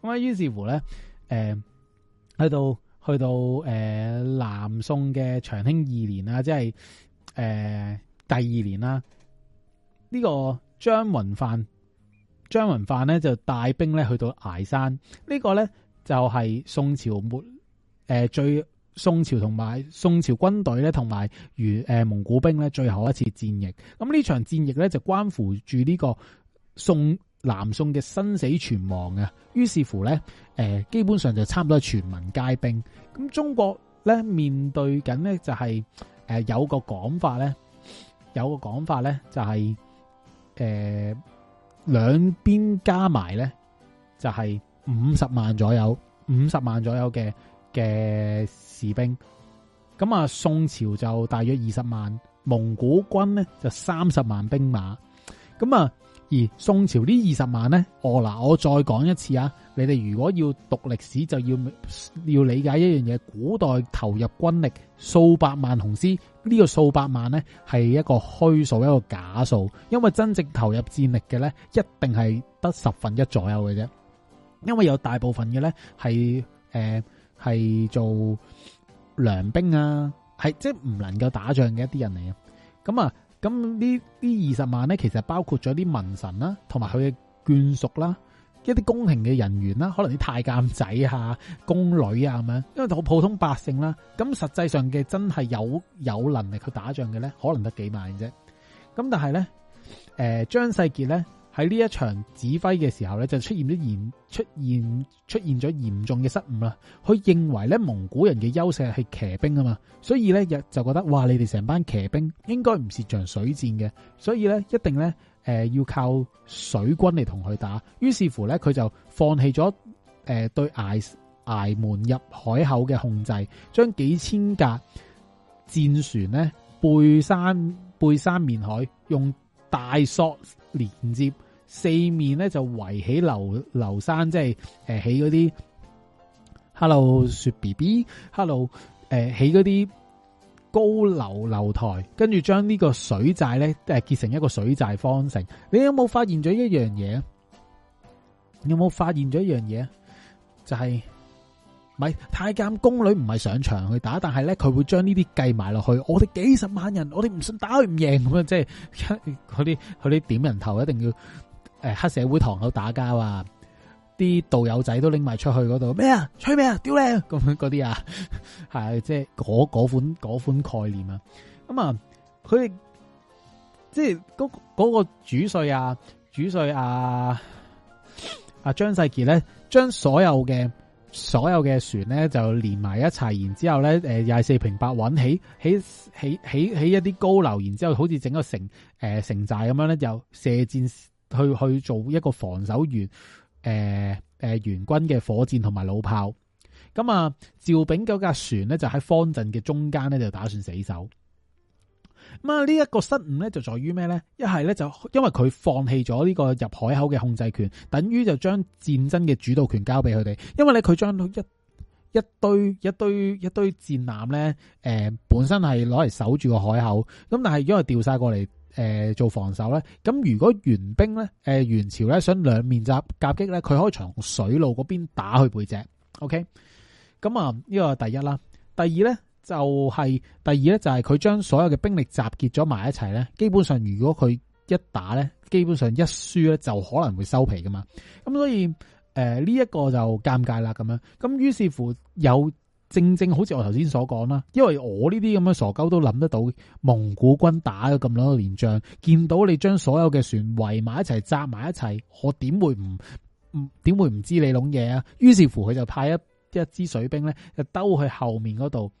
咁啊，於是乎咧，誒、呃，去到去到誒、呃、南宋嘅長興二年啊，即係誒、呃、第二年啦，呢、這個。張雲範，張雲範就帶兵呢去到崖山，呢、這個呢，就係、是、宋朝末誒、呃、最宋朝同埋宋朝軍隊咧同埋如誒、呃、蒙古兵咧最後一次戰役，咁、嗯、呢場戰役呢，就關乎住呢個宋南宋嘅生死存亡啊！於是乎呢，誒、呃、基本上就差唔多全民皆兵，咁、嗯、中國呢，面對緊呢，就係、是、誒、呃、有個講法呢有個講法呢，就係、是。誒、呃，兩邊加埋咧，就係五十萬左右，五十萬左右嘅嘅士兵。咁啊，宋朝就大約二十萬，蒙古軍咧就三十萬兵馬。咁啊。而宋朝呢二十萬呢？哦，嗱，我再講一次啊！你哋如果要讀歷史，就要要理解一樣嘢：古代投入軍力數百萬雄師，呢個數百萬呢係一個虛數，一個假數，因為真正投入戰力嘅呢，一定係得十分一左右嘅啫。因為有大部分嘅呢係誒係做糧兵啊，係即係唔能夠打仗嘅一啲人嚟啊，咁啊。咁呢啲二十萬咧，其實包括咗啲文臣啦、啊，同埋佢嘅眷屬啦、啊，一啲宮廷嘅人員啦、啊，可能啲太監仔啊、宮女啊咁樣，因為好普通百姓啦、啊。咁實際上嘅真係有有能力去打仗嘅咧，可能得幾萬啫。咁但係咧，誒、呃，張世傑咧。喺呢一場指揮嘅時候咧，就出現咗嚴出現出現咗嚴重嘅失誤啦。佢認為咧，蒙古人嘅優勢係騎兵啊嘛，所以咧日就覺得哇，你哋成班騎兵應該唔係像水戰嘅，所以咧一定咧誒要靠水軍嚟同佢打。於是乎咧，佢就放棄咗誒、呃、對崖崖門入海口嘅控制，將幾千架戰船咧背山背山面海用。大索連接，四面咧就圍起樓樓山，即係誒、呃、起嗰啲 Hello 雪 B B Hello 誒、呃、起嗰啲高樓樓台，跟住將呢個水寨咧誒、呃、結成一個水寨方城。你有冇發現咗一樣嘢？有冇發現咗一樣嘢？就係、是。唔係太監宮女唔係上場去打，但係咧佢會將呢啲計埋落去。我哋幾十萬人，我哋唔信打佢唔贏咁樣，即係嗰啲佢啲點人頭一定要誒、欸、黑社會堂口打交、就是那個那個、啊！啲道友仔都拎埋出去嗰度咩啊？吹咩啊？屌你咁樣嗰啲啊！係即係嗰嗰款嗰款概念啊！咁啊，佢哋即係嗰個個主帥啊，主帥啊，阿張世傑咧，將所有嘅。所有嘅船咧就連埋一齊，然之後咧誒又係四平八穩起，起起起起一啲高樓，然之後好似整個城誒、呃、城寨咁樣咧，就射箭去去做一個防守員，誒誒援軍嘅火箭同埋老炮。咁、嗯、啊，趙炳嗰架船咧就喺方陣嘅中間咧就打算死守。咁啊，呢一個失誤咧就在於咩咧？一係咧就因為佢放棄咗呢個入海口嘅控制權，等於就將戰爭嘅主導權交俾佢哋。因為咧佢將佢一一堆一堆一堆戰艦咧，誒、呃、本身係攞嚟守住個海口，咁但係因為調晒過嚟，誒、呃、做防守咧，咁如果元兵咧，誒、呃、元朝咧想兩面夾夾擊咧，佢可以從水路嗰邊打去背脊。OK，咁啊呢個第一啦，第二咧。就係、是、第二咧，就係佢將所有嘅兵力集結咗埋一齊咧。基本上，如果佢一打咧，基本上一輸咧，就可能會收皮噶嘛。咁所以，誒呢一個就尷尬啦。咁樣咁，於是乎有正正好似我頭先所講啦。因為我呢啲咁樣傻鳩都諗得到，蒙古軍打咗咁多年仗，見到你將所有嘅船圍埋一齊、紮埋一齊，我點會唔唔點會唔知你諗嘢啊？於是乎，佢就派一一支水兵咧，就兜去後面嗰度。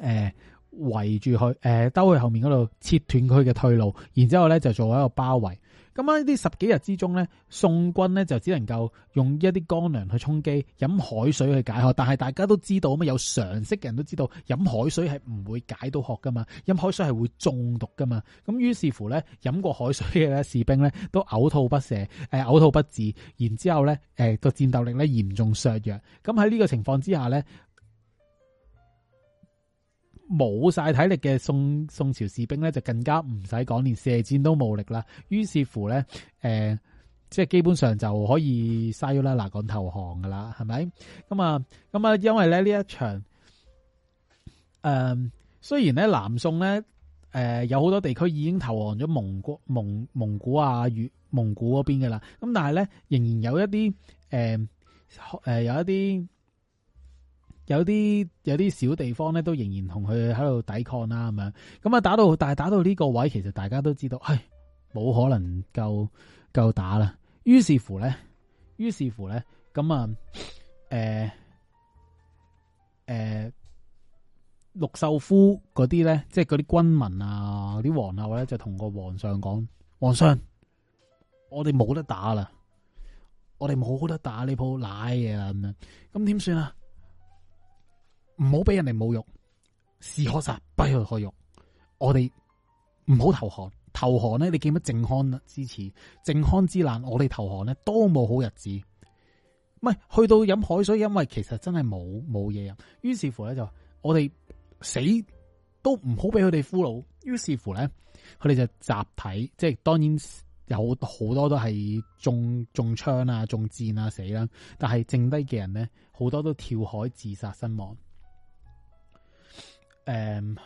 誒、呃，圍住佢，誒、呃，兜佢後面嗰度，切斷佢嘅退路，然之後咧就做一個包圍。咁喺呢啲十幾日之中咧，宋軍呢就只能夠用一啲乾糧去充飢，飲海水去解渴。但係大家都知道，有常識嘅人都知道，飲海水係唔會解到渴噶嘛，飲海水係會中毒噶嘛。咁、嗯、於是乎咧，飲過海水嘅士兵咧都嘔吐不捨誒，嘔、呃、吐不止，然之後咧，誒、呃、個戰鬥力咧嚴重削弱。咁喺呢個情況之下咧。冇曬體力嘅宋宋朝士兵咧，就更加唔使講，連射箭都冇力啦。於是乎咧、呃，即係基本上就可以嘥咗啦嗱，講投降噶啦，係咪？咁、嗯、啊，咁、嗯、啊、嗯，因為咧呢一場，誒、呃，雖然咧南宋咧，誒、呃，有好多地區已經投降咗蒙古、蒙蒙古啊、蒙古嗰邊噶啦，咁、嗯、但係咧，仍然有一啲誒、呃呃呃，有一啲。有啲有啲小地方咧，都仍然同佢喺度抵抗啦，咁樣咁啊，這打到但係打到呢個位，其實大家都知道，唉，冇可能夠夠打啦。於是乎咧，於是乎咧，咁啊，誒、欸、誒，陸秀夫嗰啲咧，即係嗰啲軍民啊，嗰啲皇后咧，就同個皇上講：皇上，我哋冇得打啦，我哋冇得打呢鋪奶嘢啦，咁樣咁點算啊？唔好俾人哋侮辱，是可殺，不可辱。我哋唔好投降，投降咧，你見乜靖康之恥、靖康之難？我哋投降咧，都冇好日子。唔係去到飲海水，因為其實真係冇冇嘢。於是乎咧,就我哋死都唔好俾佢哋俘虜。於是乎咧,佢哋就集體，即係當然有好多都係中中槍啊、中箭啊死啦。但係剩低嘅人咧，好多都跳海自殺身亡。誒、um，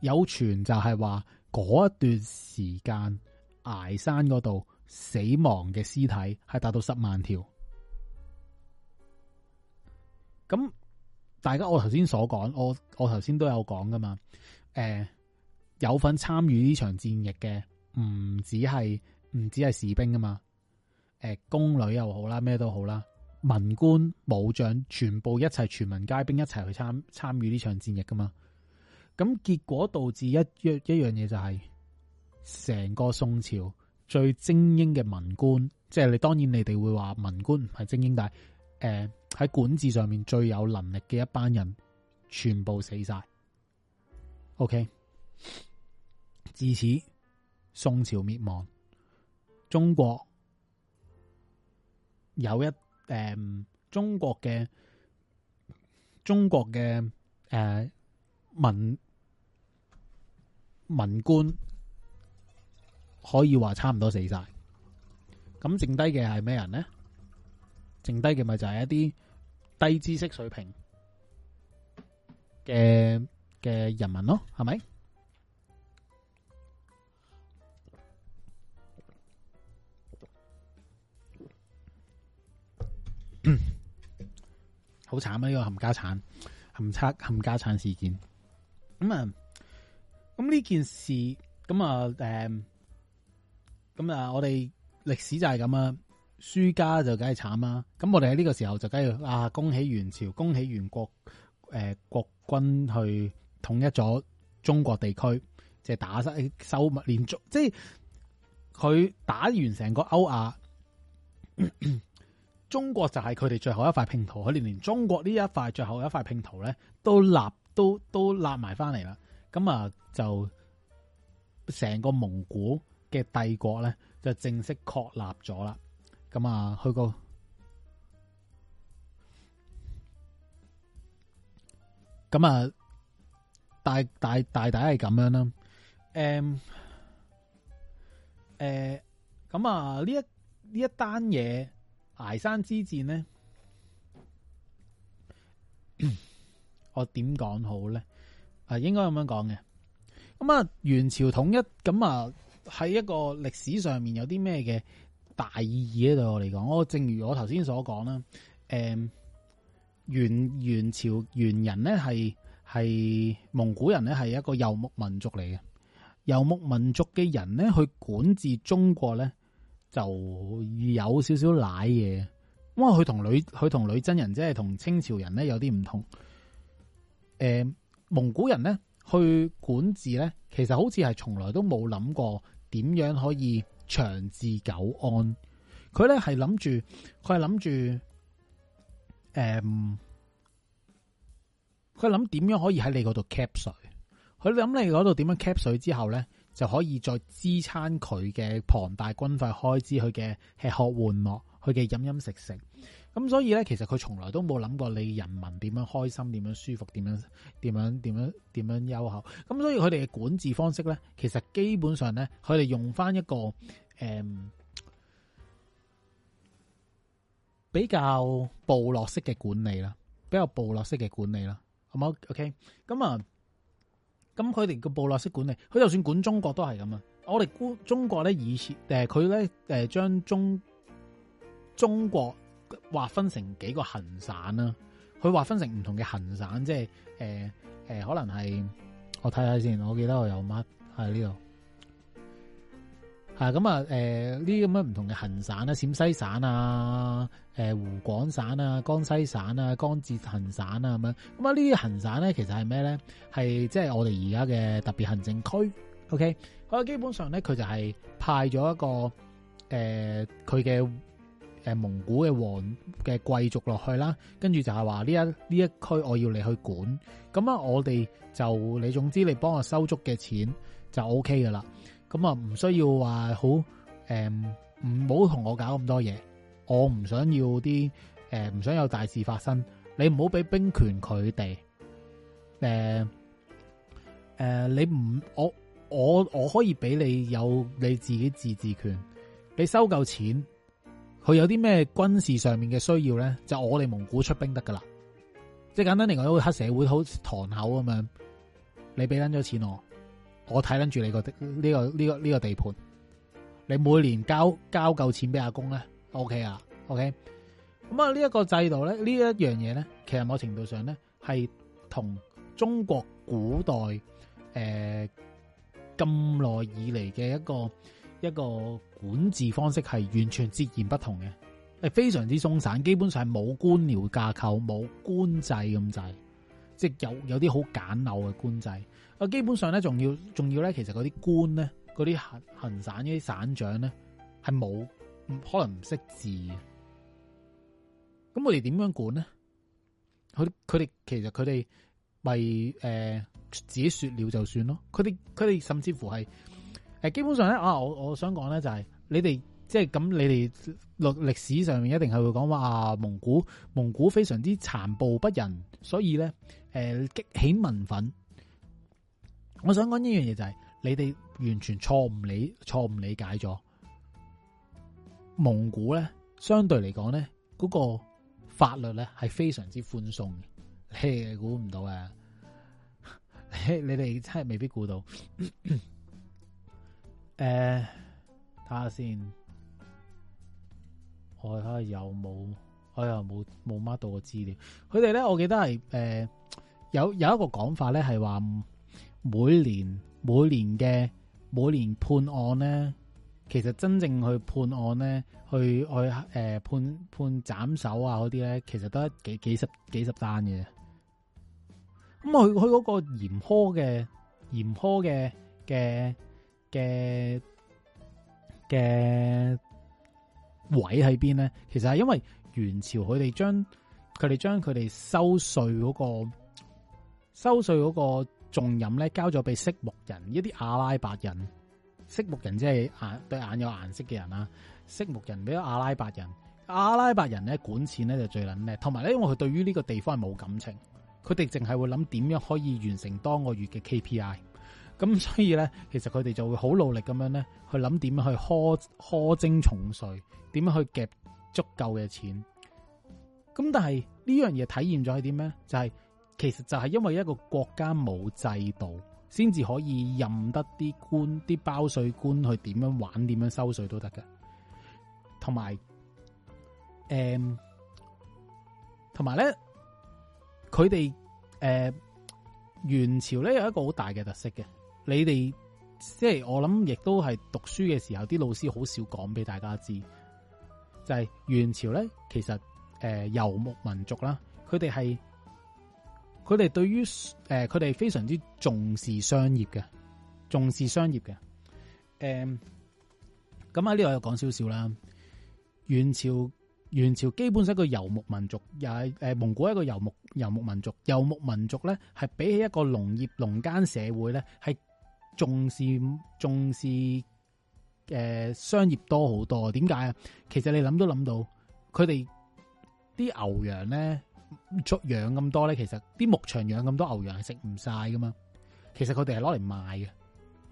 有傳就係話嗰一段時間，崖山嗰度死亡嘅屍體係達到十萬條。咁大家我頭先所講，我我我頭先都有講噶嘛。誒、欸，有份參與呢場戰役嘅，唔只係唔只係士兵噶嘛。誒、欸，宮女又好啦，咩都好啦。文官武將全部一齊，全民皆兵，一齊去參參與呢場戰役噶嘛？咁結果導致一樣一,一樣嘢就係、是、成個宋朝最精英嘅文官，即係你當然你哋會話文官唔係精英，但係誒，喺管治上面最有能力嘅一班人全部死晒。OK，自此宋朝滅亡，中國有一。誒、嗯，中國嘅中國嘅誒，文、呃、文官可以話差唔多死晒，咁剩低嘅係咩人咧？剩低嘅咪就係一啲低知識水平嘅嘅人民咯，係咪？好 (coughs) 慘啊！呢、這個冚家產、冚冚家產事件，咁啊，咁呢件事，咁啊，誒、呃，咁啊，我哋歷史就係咁啊，輸家就梗係慘啦、啊。咁我哋喺呢個時候就梗係啊，恭喜元朝，恭喜元國，誒、呃，國軍去統一咗中國地區，即係打晒、收物、連續，即係佢打完成個歐亞。 (coughs) 中國就係佢哋最後一塊拼圖，佢連連中國呢一塊最後一塊拼圖咧，都立都都立埋翻嚟啦。咁、嗯、啊，就成個蒙古嘅帝國咧，就正式確立咗啦。咁、嗯、啊，佢個咁啊，大大大抵係咁樣啦。誒、嗯，誒、嗯，咁、嗯、啊，呢、嗯嗯嗯、一呢一單嘢。崖山之戰咧， (coughs) 我點講好咧？啊，應該咁樣講嘅。咁啊，元朝統一咁啊，喺一個歷史上面有啲咩嘅大意義咧？對我嚟講，我正如我頭先所講啦。誒，元元朝元人咧係係蒙古人咧係一個游牧民族嚟嘅，游牧民族嘅人咧去管治中國咧。就有少少奶嘢，因為佢同女佢同女真人即係同清朝人咧有啲唔同。誒、呃，蒙古人咧去管治咧，其實好似係從來都冇諗過點樣可以長治久安。佢咧係諗住，佢係諗住，誒，佢諗點樣可以喺你嗰度 cap 水。佢諗你嗰度點樣 cap 水之後咧？就可以再支撐佢嘅龐大軍費開支，佢嘅吃喝玩樂，佢嘅飲飲食食。咁所以咧，其實佢從來都冇諗過你人民點樣開心，點樣舒服，點樣點樣點樣點樣優厚。咁所以佢哋嘅管治方式咧，其實基本上咧，佢哋用翻一個誒比較部落式嘅管理啦，比較部落式嘅管理啦，好冇？OK，咁、嗯、啊。咁佢哋個部落式管理，佢就算管中國都係咁啊！我哋估中國咧，以前誒，佢咧誒，將中中國劃分成幾個行省啦，佢劃分成唔同嘅行省，即係誒誒，可能係我睇睇先，我記得我有乜喺呢度。啊，咁啊，誒呢啲咁樣唔同嘅行省啊，陝西省啊，誒、呃、湖廣省啊，江西省啊，江浙行省啊咁樣。咁啊，呢啲行省咧，其實係咩咧？係即係我哋而家嘅特別行政區，OK、啊。佢基本上咧，佢就係派咗一個誒佢嘅誒蒙古嘅王嘅貴族落去啦，跟住就係話呢一呢一區我要你去管，咁啊，我哋就你總之你幫我收足嘅錢就 OK 㗎喇。咁啊，唔需要話好，誒、呃，唔好同我搞咁多嘢。我唔想要啲，誒、呃，唔想有大事發生。你唔好俾兵權佢哋。誒、呃，誒、呃，你唔，我，我，我可以俾你有你自己自治權。你收夠錢，佢有啲咩軍事上面嘅需要咧，就我哋蒙古出兵得噶啦。即係簡單嚟講，一個黑社會好似堂口咁樣，你俾捻咗錢我。我睇拎住你個呢個呢個呢個地盤，你每年交交夠錢俾阿公咧，O K 啊，O K。咁啊，呢一個制度咧，呢一樣嘢咧，其實某程度上咧，係同中國古代誒咁耐以嚟嘅一個一個管治方式係完全截然不同嘅，係非常之鬆散，基本上係冇官僚架構，冇官制咁滯，即係有有啲好簡陋嘅官制。基本上咧，仲要仲要咧，其實嗰啲官咧，嗰啲行行省呢啲省長咧，係冇可能唔識字嘅。咁我哋點樣管咧？佢佢哋其實佢哋咪誒自己說了就算咯。佢哋佢哋甚至乎係誒、呃，基本上咧啊，我我想講咧就係、是、你哋即係咁，你哋歷歷史上面一定係會講話蒙古蒙古非常之殘暴不仁，所以咧誒激起民憤。我想講呢樣嘢，就係你哋完全錯誤理錯誤理解咗蒙古咧。相對嚟講咧，嗰個法律咧係非常之寬鬆嘅。你估唔到啊？你你哋真係未必估到。誒，睇下先，我睇下有冇，我又冇冇乜到嘅資料。佢哋咧，我記得係誒有有一個講法咧，係話。每年每年嘅每年判案咧，其實真正去判案咧，去去誒、呃、判判斬首啊嗰啲咧，其實都幾幾十幾十單嘅。咁啊佢佢嗰個嚴苛嘅嚴苛嘅嘅嘅嘅位喺邊咧？其實係因為元朝佢哋將佢哋將佢哋收稅嗰個收稅嗰個。重任咧交咗俾色目人，一啲阿拉伯人，色目人即係眼對眼有顏色嘅人啊，色目人俾咗阿拉伯人，阿拉伯人咧管錢咧就最捻叻，同埋咧因為佢對於呢個地方係冇感情，佢哋淨係會諗點樣可以完成當個月嘅 KPI，咁所以咧其實佢哋就會好努力咁樣咧去諗點樣去苛苛徵重稅，點樣去夾足夠嘅錢，咁但係呢樣嘢體現咗係點咧，就係、是。其實就係因為一個國家冇制度，先至可以任得啲官，啲包稅官去點樣玩，點樣收稅都得嘅。同埋，誒、嗯，同埋咧，佢哋誒，元朝咧有一個好大嘅特色嘅。你哋即係我諗，亦都係讀書嘅時候，啲老師好少講俾大家知，就係、是、元朝咧，其實誒游，呃、牧民族啦，佢哋係。佢哋對於誒，佢、呃、哋非常之重視商業嘅，重視商業嘅。誒、嗯，咁喺呢度又講少少啦。元朝，元朝基本上一個游牧民族，又係誒蒙古一個游牧游牧民族。游牧民族咧，係比起一個農業農耕社會咧，係重視重視誒、呃、商業多好多。點解啊？其實你諗都諗到，佢哋啲牛羊咧。捉養咁多咧，其實啲牧場養咁多牛羊係食唔晒噶嘛。其實佢哋係攞嚟賣嘅。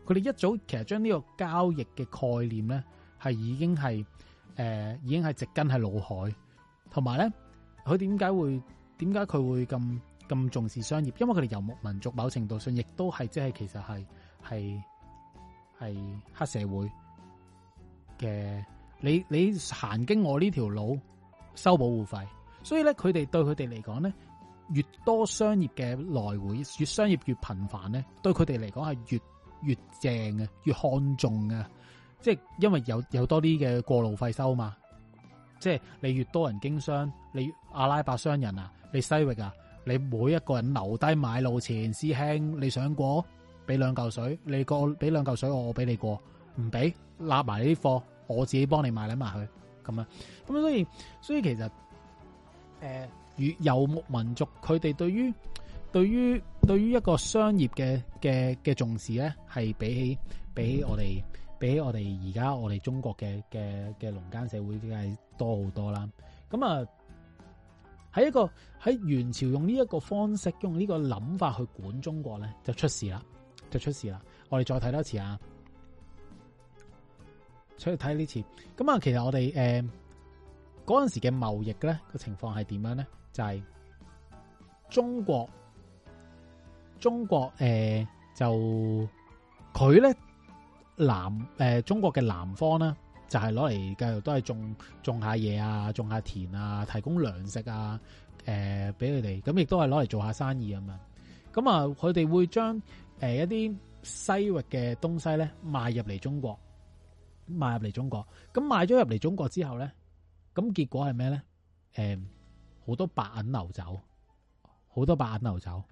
佢哋一早其實將呢個交易嘅概念咧，係已經係誒、呃，已經係植根喺腦海。同埋咧，佢點解會點解佢會咁咁重視商業？因為佢哋游牧民族某程度上亦都係即係其實係係係黑社會嘅。你你行經我呢條路收保護費。所以咧，佢哋對佢哋嚟講咧，越多商業嘅來回，越商業越頻繁咧，對佢哋嚟講係越越正嘅，越看重嘅。即係因為有有多啲嘅過路費收嘛。即係你越多人經商，你阿拉伯商人啊，你西域啊，你每一個人留低買路錢，師兄，你上過俾兩嚿水，你過俾兩嚿水我，我俾你過，唔俾立埋你啲貨，我自己幫你買嚟埋佢咁啊。咁所以，所以其實。誒、呃，與游牧民族佢哋對於對於對於一個商業嘅嘅嘅重視咧，係比起比起我哋比我哋而家我哋中國嘅嘅嘅農耕社會係多好多啦。咁啊，喺一個喺元朝用呢一個方式用呢個諗法去管中國咧，就出事啦，就出事啦。我哋再睇多次啊，再睇呢次。咁啊，其實我哋誒。呃嗰陣時嘅貿易咧個情況係點樣咧？就係、是、中國，中國誒、呃、就佢咧南誒、呃、中國嘅南方呢，就係攞嚟繼續都係種種下嘢啊，種下田啊，提供糧食啊，誒俾佢哋。咁亦都係攞嚟做下生意咁樣。咁啊，佢哋會將誒一啲西域嘅東西咧賣入嚟中國，賣入嚟中國。咁賣咗入嚟中國之後咧。咁結果係咩咧？誒，好多白銀流走，好多白銀流走。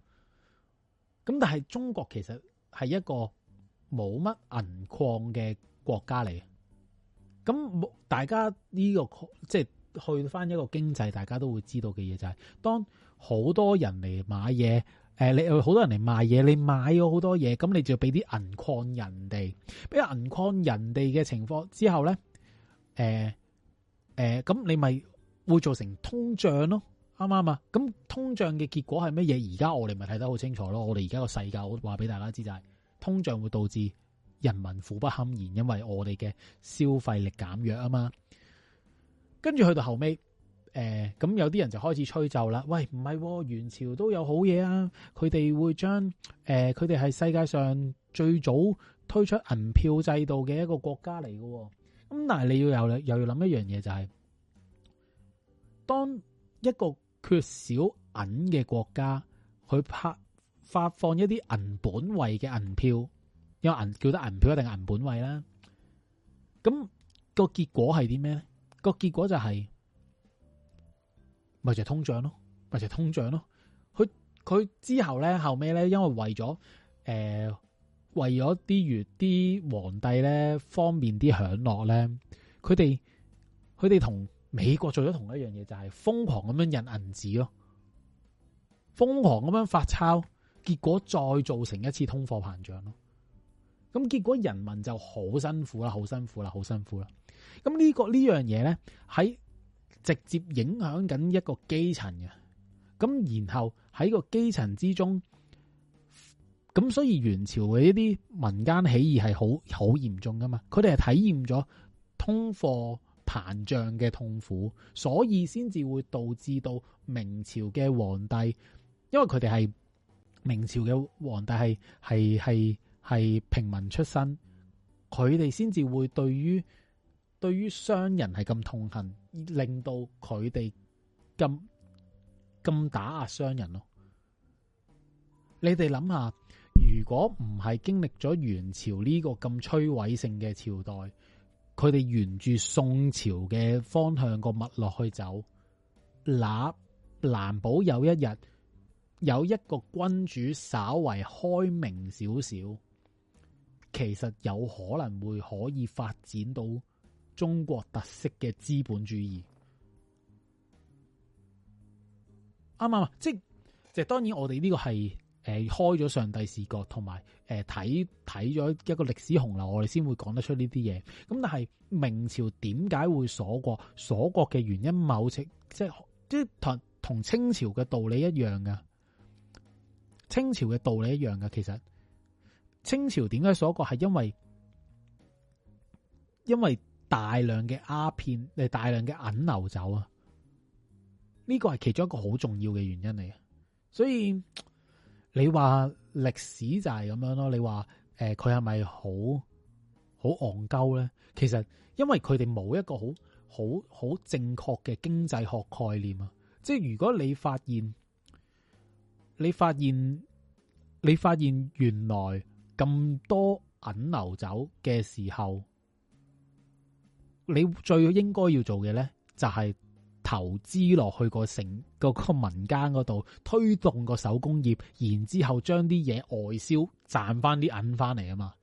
咁但係中國其實係一個冇乜銀礦嘅國家嚟。咁大家呢個即係去翻一個經濟，大家都會知道嘅嘢就係，當好多人嚟買嘢，誒，你好多人嚟賣嘢，你買咗好多嘢，咁你就要俾啲銀礦人哋，俾銀礦人哋嘅情況之後咧，誒。誒、呃，咁你咪會造成通脹咯，啱唔啱啊？咁通脹嘅結果係乜嘢？而家我哋咪睇得好清楚咯。我哋而家個世界，我話俾大家知就係，通脹會導致人民苦不堪言，因為我哋嘅消費力減弱啊嘛。跟住去到後尾，誒、呃，咁有啲人就開始吹奏啦。喂，唔係、哦、元朝都有好嘢！啊！佢哋會將，誒、呃，佢哋係世界上最早推出銀票制度嘅一個國家嚟喎、哦。咁但係你要有又要諗一樣嘢，就係、是，當一個缺少銀嘅國家去發發放一啲銀本位嘅銀票，因為銀叫得銀票一定係銀本位啦。咁、那個結果係啲咩咧？個結果就係、是，咪就係、是、通脹咯，咪就係、是、通脹咯。佢佢之後咧後尾咧，因為為咗誒。呃為咗啲月啲皇帝咧，方便啲享樂咧，佢哋佢哋同美國做咗同一樣嘢，就係、是、瘋狂咁樣印銀紙咯，瘋狂咁樣發鈔，結果再造成一次通貨膨脹咯。咁結果人民就好辛苦啦，好辛苦啦，好辛苦啦。咁、這個這個、呢個呢樣嘢咧，喺直接影響緊一個基層嘅。咁然後喺個基層之中。咁所以元朝嘅一啲民間起義係好好嚴重㗎嘛？佢哋係體驗咗通貨膨脹嘅痛苦，所以先至會導致到明朝嘅皇帝，因為佢哋係明朝嘅皇帝係係係係平民出身，佢哋先至會對於對於商人係咁痛恨，令到佢哋咁咁打壓商人咯。你哋諗下。如果唔係經歷咗元朝呢個咁摧毀性嘅朝代，佢哋沿住宋朝嘅方向個脈落去走，那難保有一日有一個君主稍為開明少少，其實有可能會可以發展到中國特色嘅資本主義。啱唔啱？即係，即係，當然我哋呢個係。誒，開咗上帝視角，同埋誒睇睇咗一個歷史洪流，我哋先會講得出呢啲嘢。咁但係明朝點解會鎖國？鎖國嘅原因，某程即係即係同同清朝嘅道理一樣噶。清朝嘅道理一樣噶。其實清朝點解鎖國係因為因為大量嘅鴉片，大量嘅銀流走啊。呢個係其中一個好重要嘅原因嚟，所以。你話歷史就係咁樣咯？你話誒佢係咪好好戇鳩咧？其實因為佢哋冇一個好好好正確嘅經濟學概念啊！即係如果你發現你發現你發現原來咁多銀流走嘅時候，你最應該要做嘅咧就係、是。投資落去個城個民間嗰度，推動個手工業，然之後將啲嘢外銷，賺翻啲銀翻嚟啊嘛。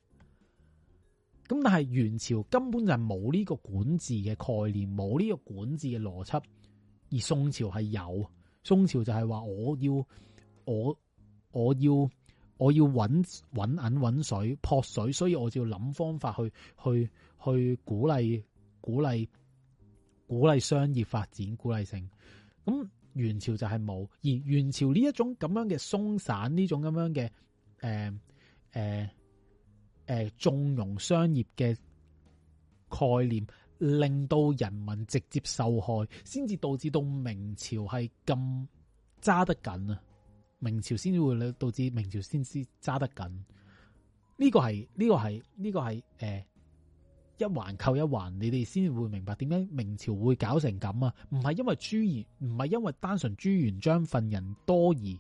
咁但係元朝根本就係冇呢個管治嘅概念，冇呢個管治嘅邏輯。而宋朝係有，宋朝就係話我要我我要我要揾揾銀揾水撲水，所以我就要諗方法去去去鼓勵鼓勵。鼓勵商業發展，鼓勵性。咁元朝就係冇，而元朝呢一種咁樣嘅鬆散，呢種咁樣嘅誒誒誒縱容商業嘅概念，令到人民直接受害，先至導致到明朝係咁揸得緊啊！明朝先至會導致明朝先至揸得緊。呢個係呢個係呢個係誒。呃一環扣一環，你哋先會明白點解明朝會搞成咁啊？唔係因為朱元，唔係因為單純朱元璋份人多疑，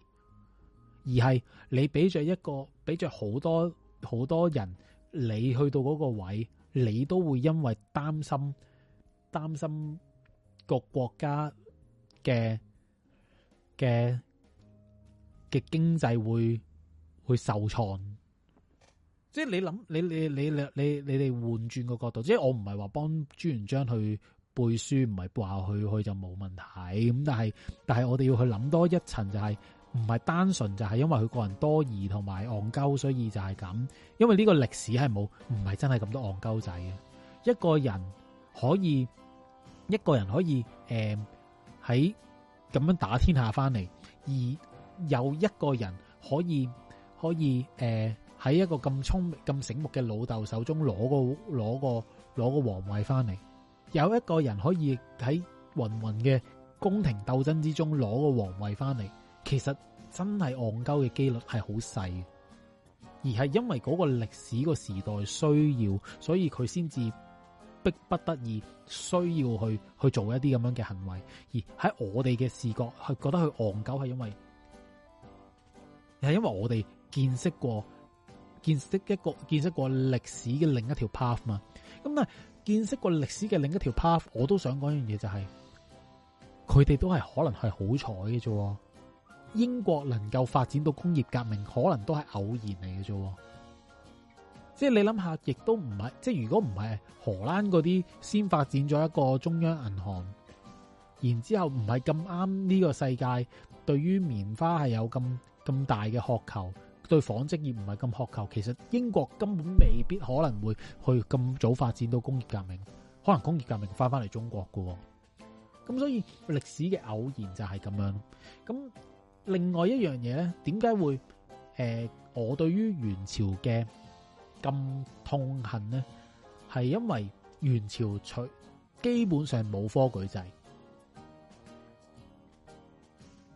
而係你俾着一個俾着好多好多人，你去到嗰個位，你都會因為擔心擔心個國家嘅嘅嘅經濟會會受創。即係你諗，你你你你你哋換轉個角度，即係我唔係話幫朱元璋去背書，唔係話佢佢就冇問題咁，但係但係我哋要去諗多一層，就係，單純就係唔係單純就係因為佢個人多疑同埋戇鳩，所以就係咁。因為呢個歷史係冇，唔係真係咁多戇鳩仔嘅。一個人可以，一個人可以，誒喺咁樣打天下翻嚟，而有一個人可以可以，誒、呃。喺一個咁聰明、咁醒目嘅老豆手中攞個攞個攞個皇位翻嚟，有一個人可以喺芸芸嘅宮廷鬥爭之中攞個皇位翻嚟，其實真係戇鳩嘅機率係好細，而係因為嗰個歷史個時代需要，所以佢先至逼不得已需要去去做一啲咁樣嘅行為，而喺我哋嘅視角佢覺得佢戇鳩係因為係因為我哋見識過。見識一個見識過歷史嘅另一條 path 嘛，咁但係見識過歷史嘅另一條 path，我都想講一樣嘢就係、是，佢哋都係可能係好彩嘅啫。英國能夠發展到工業革命，可能都係偶然嚟嘅啫。即係你諗下，亦都唔係，即係如果唔係荷蘭嗰啲先發展咗一個中央銀行，然之後唔係咁啱呢個世界對於棉花係有咁咁大嘅渴求。對紡織業唔係咁渴求，其實英國根本未必可能會去咁早發展到工業革命，可能工業革命翻翻嚟中國嘅，咁所以歷史嘅偶然就係咁樣。咁另外一樣嘢咧，點解會誒、呃、我對於元朝嘅咁痛恨咧，係因為元朝除基本上冇科舉制，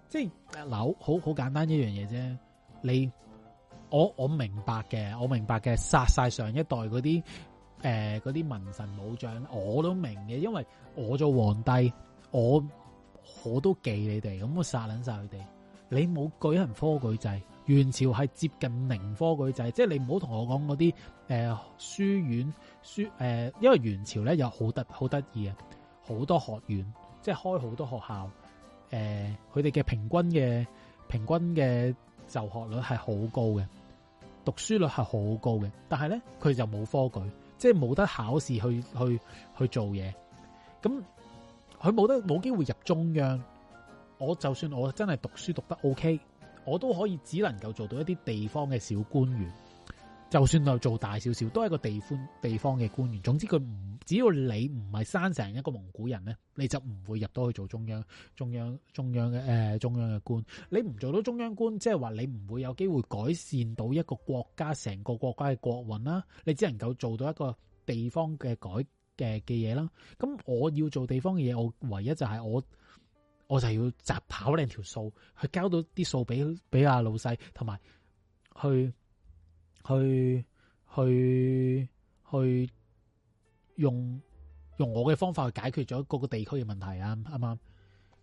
即係嗱，好好簡單一樣嘢啫，你。我我明白嘅，我明白嘅，殺晒上一代嗰啲誒，嗰啲文臣武將，我都明嘅，因為我做皇帝，我我都忌你哋，咁我殺捻晒佢哋。你冇舉行科舉制，元朝係接近明科舉制，即係你唔好同我講嗰啲誒書院書誒，因為元朝咧有好得好得意啊，好多學院，即係開好多學校，誒，佢哋嘅平均嘅平均嘅就學率係好高嘅。讀書率係好高嘅，但係咧佢就冇科舉，即係冇得考試去去去做嘢。咁佢冇得冇機會入中央。我就算我真係讀書讀得 OK，我都可以只能夠做到一啲地方嘅小官員。就算又做大少少，都係一個地方地方嘅官員。總之佢唔，只要你唔係生成一個蒙古人咧，你就唔會入到去做中央中央中央嘅誒、呃、中央嘅官。你唔做到中央官，即係話你唔會有機會改善到一個國家成個國家嘅國運啦。你只能夠做到一個地方嘅改嘅嘅嘢啦。咁我要做地方嘅嘢，我唯一就係我我就要摘跑兩條數去交到啲數俾俾阿老細，同埋去。去去去用用我嘅方法去解決咗各個地區嘅問題啊啱啱？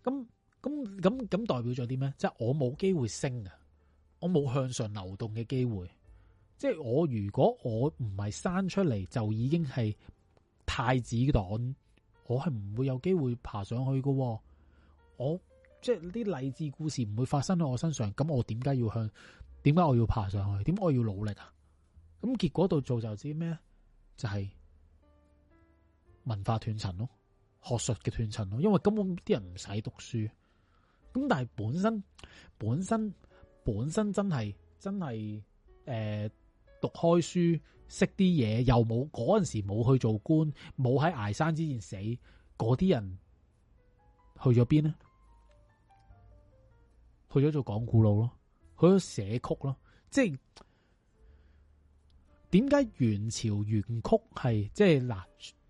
咁咁咁咁代表咗啲咩？即係我冇機會升啊，我冇向上流動嘅機會。即係我如果我唔係生出嚟，就已經係太子黨，我係唔會有機會爬上去嘅。我即係啲勵志故事唔會發生喺我身上。咁我點解要向？點解我要爬上去？點解我要努力啊？咁結果度做就知咩？就係、是、文化斷層咯，學術嘅斷層咯。因為根本啲人唔使讀書，咁但係本身本身本身真係真係誒讀開書識啲嘢，又冇嗰陣時冇去做官，冇喺崖山之前死，嗰啲人去咗邊呢？去咗做講古佬咯，去咗寫曲咯，即係。點解元朝元曲係即係嗱？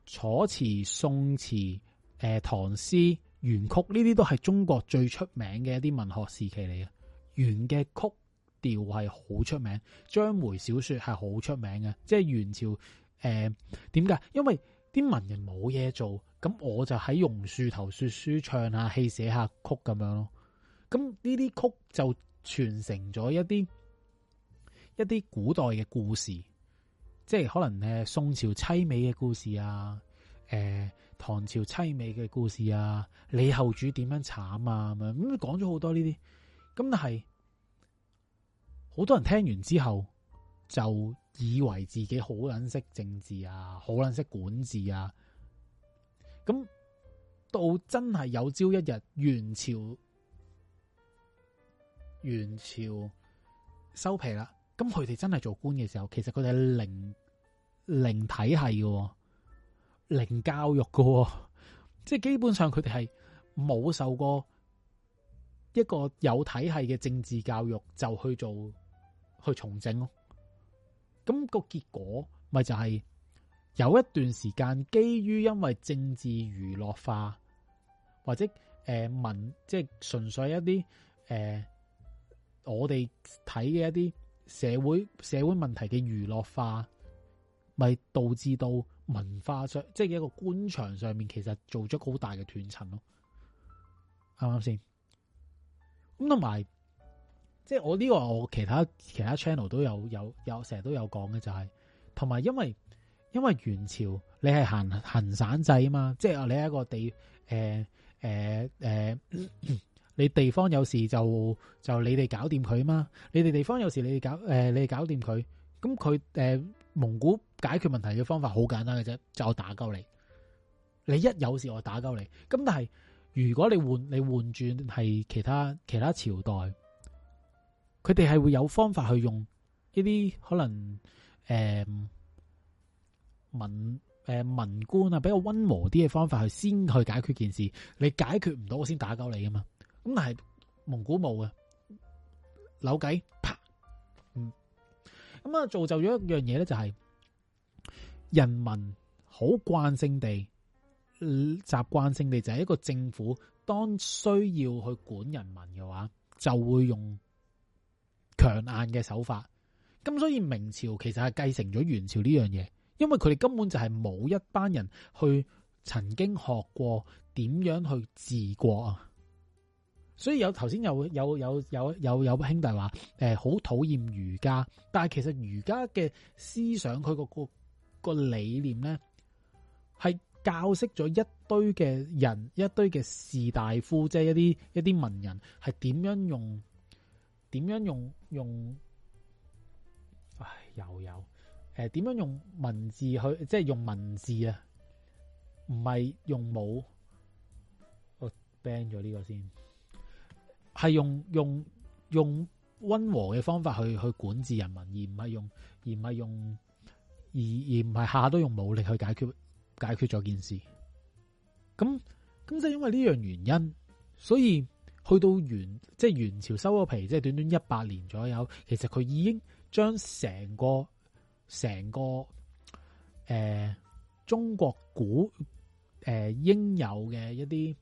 楚詞、宋詞、誒唐詩、元曲，呢啲都係中國最出名嘅一啲文學時期嚟嘅。元嘅曲調係好出名，張梅小說係好出名嘅。即係元朝誒，點解？因為啲文人冇嘢做，咁我就喺榕樹頭說書、唱下戲、寫下曲咁樣咯。咁呢啲曲就傳承咗一啲一啲古代嘅故事。即係可能咧，宋朝淒美嘅故事啊，誒，唐朝淒美嘅故事啊，李後主點樣慘啊咁樣，咁講咗好多呢啲，咁但係好多人聽完之後就以為自己好捻識政治啊，好捻識管治啊，咁到真係有朝一日元朝元朝收皮啦，咁佢哋真係做官嘅時候，其實佢哋係零。零體系嘅，零教育嘅，即係基本上佢哋係冇受過一個有體系嘅政治教育，就去做去從政咯。咁、那個結果咪就係有一段時間，基於因為政治娛樂化，或者誒民、呃，即係純粹一啲誒、呃、我哋睇嘅一啲社會社會問題嘅娛樂化。咪導致到文化上，即係一個官場上面，其實做咗好大嘅斷層咯。啱唔啱先？咁同埋，即係我呢個我其他其他 channel 都有有有成日都有講嘅、就是，就係同埋，因為因為元朝你係行行省制啊嘛，即係你一個地誒誒誒，你地方有事就就你哋搞掂佢嘛。你哋地方有事你哋搞、呃，你哋搞誒，你哋搞掂佢咁佢誒。呃蒙古解決問題嘅方法好簡單嘅啫，就是，我打鳩你。你一有事我就打鳩你。咁但係如果你換你換轉係其他其他朝代，佢哋係會有方法去用一啲可能誒文誒文官啊比較溫和啲嘅方法去先去解決件事。你解決唔到我先打鳩你噶嘛。咁但係蒙古冇嘅扭計，啪。咁啊，造就咗一樣嘢咧，就係人民好慣性地，習慣性地就係一個政府當需要去管人民嘅話，就會用強硬嘅手法。咁所以明朝其實係繼承咗元朝呢樣嘢，因為佢哋根本就係冇一班人去曾經學過點樣去治國啊。所以有頭先有有有有有有兄弟話誒，好討厭儒家，但係其實儒家嘅思想，佢個個個理念咧係教識咗一堆嘅人，一堆嘅士大夫，即係一啲一啲文人，係點樣用點樣用用？唉，又有誒，點樣用文字去即係用文字啊？唔係用武，我 ban 咗呢個先。係用用用温和嘅方法去去管治人民，而唔係用而唔係用而而唔係下下都用武力去解決解決咗件事。咁咁就係因為呢樣原因，所以去到元即係元朝收咗皮，即係短短一百年左右，其實佢已經將成個成個誒中國古誒應有嘅一啲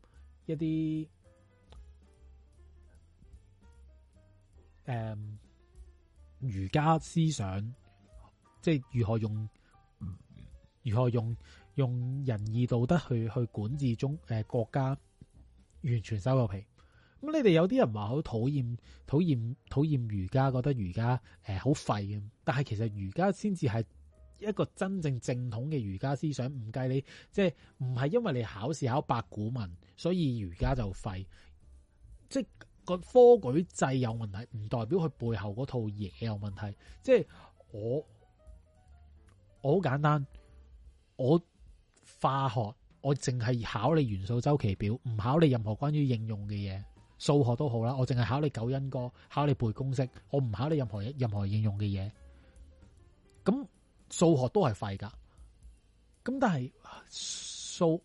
一啲。誒、嗯，儒家思想即係如何用，如何用用仁義道德去去管治中誒、呃、國家，完全收咗皮。咁你哋有啲人話好討厭，討厭討厭儒家，覺得儒家誒好廢嘅。但係其實儒家先至係一個真正正統嘅儒家思想。唔計你，即係唔係因為你考試考八股文，所以儒家就廢，即係。科舉制有問題，唔代表佢背後嗰套嘢有問題。即係我，我好簡單，我化學我淨係考你元素週期表，唔考你任何關於應用嘅嘢。數學都好啦，我淨係考你九因歌，考你背公式，我唔考你任何任何應用嘅嘢。咁數學都係廢㗎。咁但係數，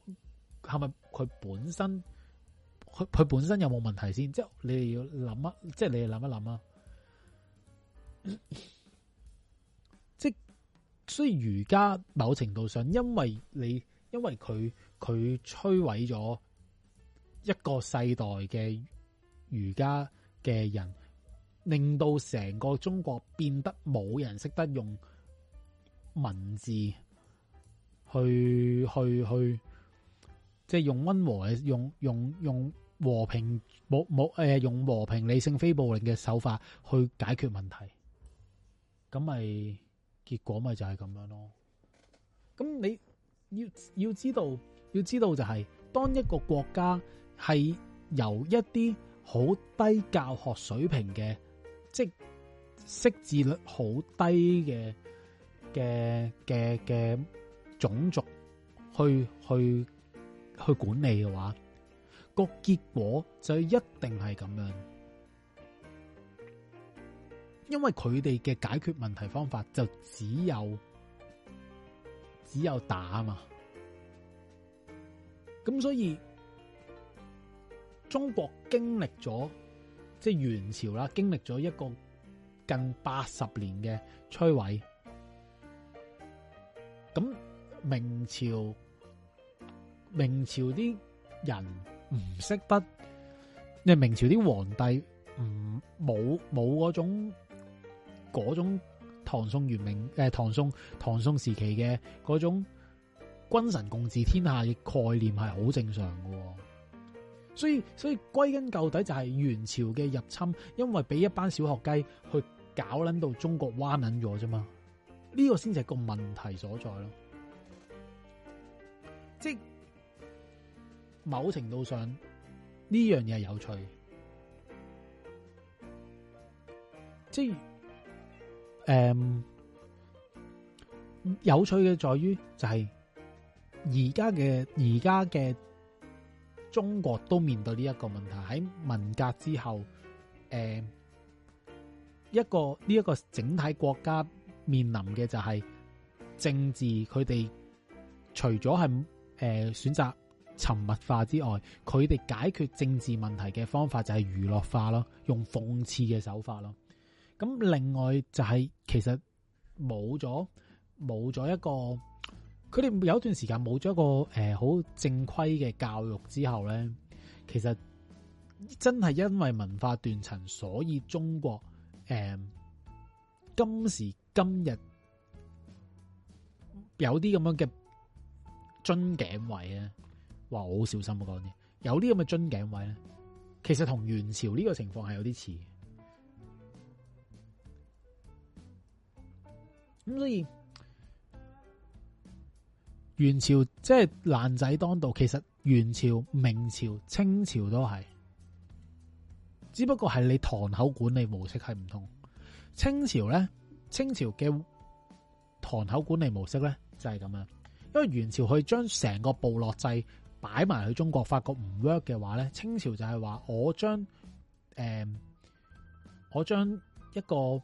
係咪佢本身？佢佢本身有冇問題先？即係你哋要諗啊，即係你哋諗一諗啊、嗯。即係雖然儒家某程度上因，因為你因為佢佢摧毀咗一個世代嘅儒家嘅人，令到成個中國變得冇人識得用文字去去去，即係用溫和嘅用用用。用用用和平冇冇誒，用和平理性非暴力嘅手法去解決問題，咁咪結果咪就係咁樣咯。咁你要要知道，要知道就係、是、當一個國家係由一啲好低教學水平嘅，即識字率好低嘅嘅嘅嘅種族去去去，去管理嘅話。個結果就一定係咁樣，因為佢哋嘅解決問題方法就只有只有打㗎嘛，咁所以中國經歷咗即係元朝啦，經歷咗一個近八十年嘅摧毀，咁明朝明朝啲人。唔識得，因為明朝啲皇帝唔冇冇嗰種嗰種唐宋元明誒、呃、唐宋唐宋時期嘅嗰種君臣共治天下嘅概念係好正常嘅，所以所以歸根究底就係元朝嘅入侵，因為俾一班小學雞去搞捻到中國彎捻咗啫嘛，呢、這個先係個問題所在咯，即某程度上，呢樣嘢有趣，即係誒、嗯、有趣嘅在於就係而家嘅而家嘅中國都面對呢一個問題，喺文革之後，誒、嗯、一個呢一個這個整體國家面臨嘅就係政治，佢哋除咗係誒選擇。沉默化之外，佢哋解決政治問題嘅方法就係娛樂化咯，用諷刺嘅手法咯。咁另外就係、是、其實冇咗冇咗一個，佢哋有一段時間冇咗一個誒好、呃、正規嘅教育之後咧，其實真係因為文化斷層，所以中國誒、呃、今時今日有啲咁樣嘅樽頸位啊！話好小心啊！講嘢有啲咁嘅樽頸位咧，其實同元朝呢個情況係有啲似。咁、嗯、所以元朝即係爛仔當道，其實元朝、明朝、清朝都係，只不過係你堂口管理模式係唔同。清朝咧，清朝嘅堂口管理模式咧就係、是、咁樣，因為元朝佢將成個部落制。擺埋去中國，發覺唔 work 嘅話咧，清朝就係話我將誒、呃、我將一個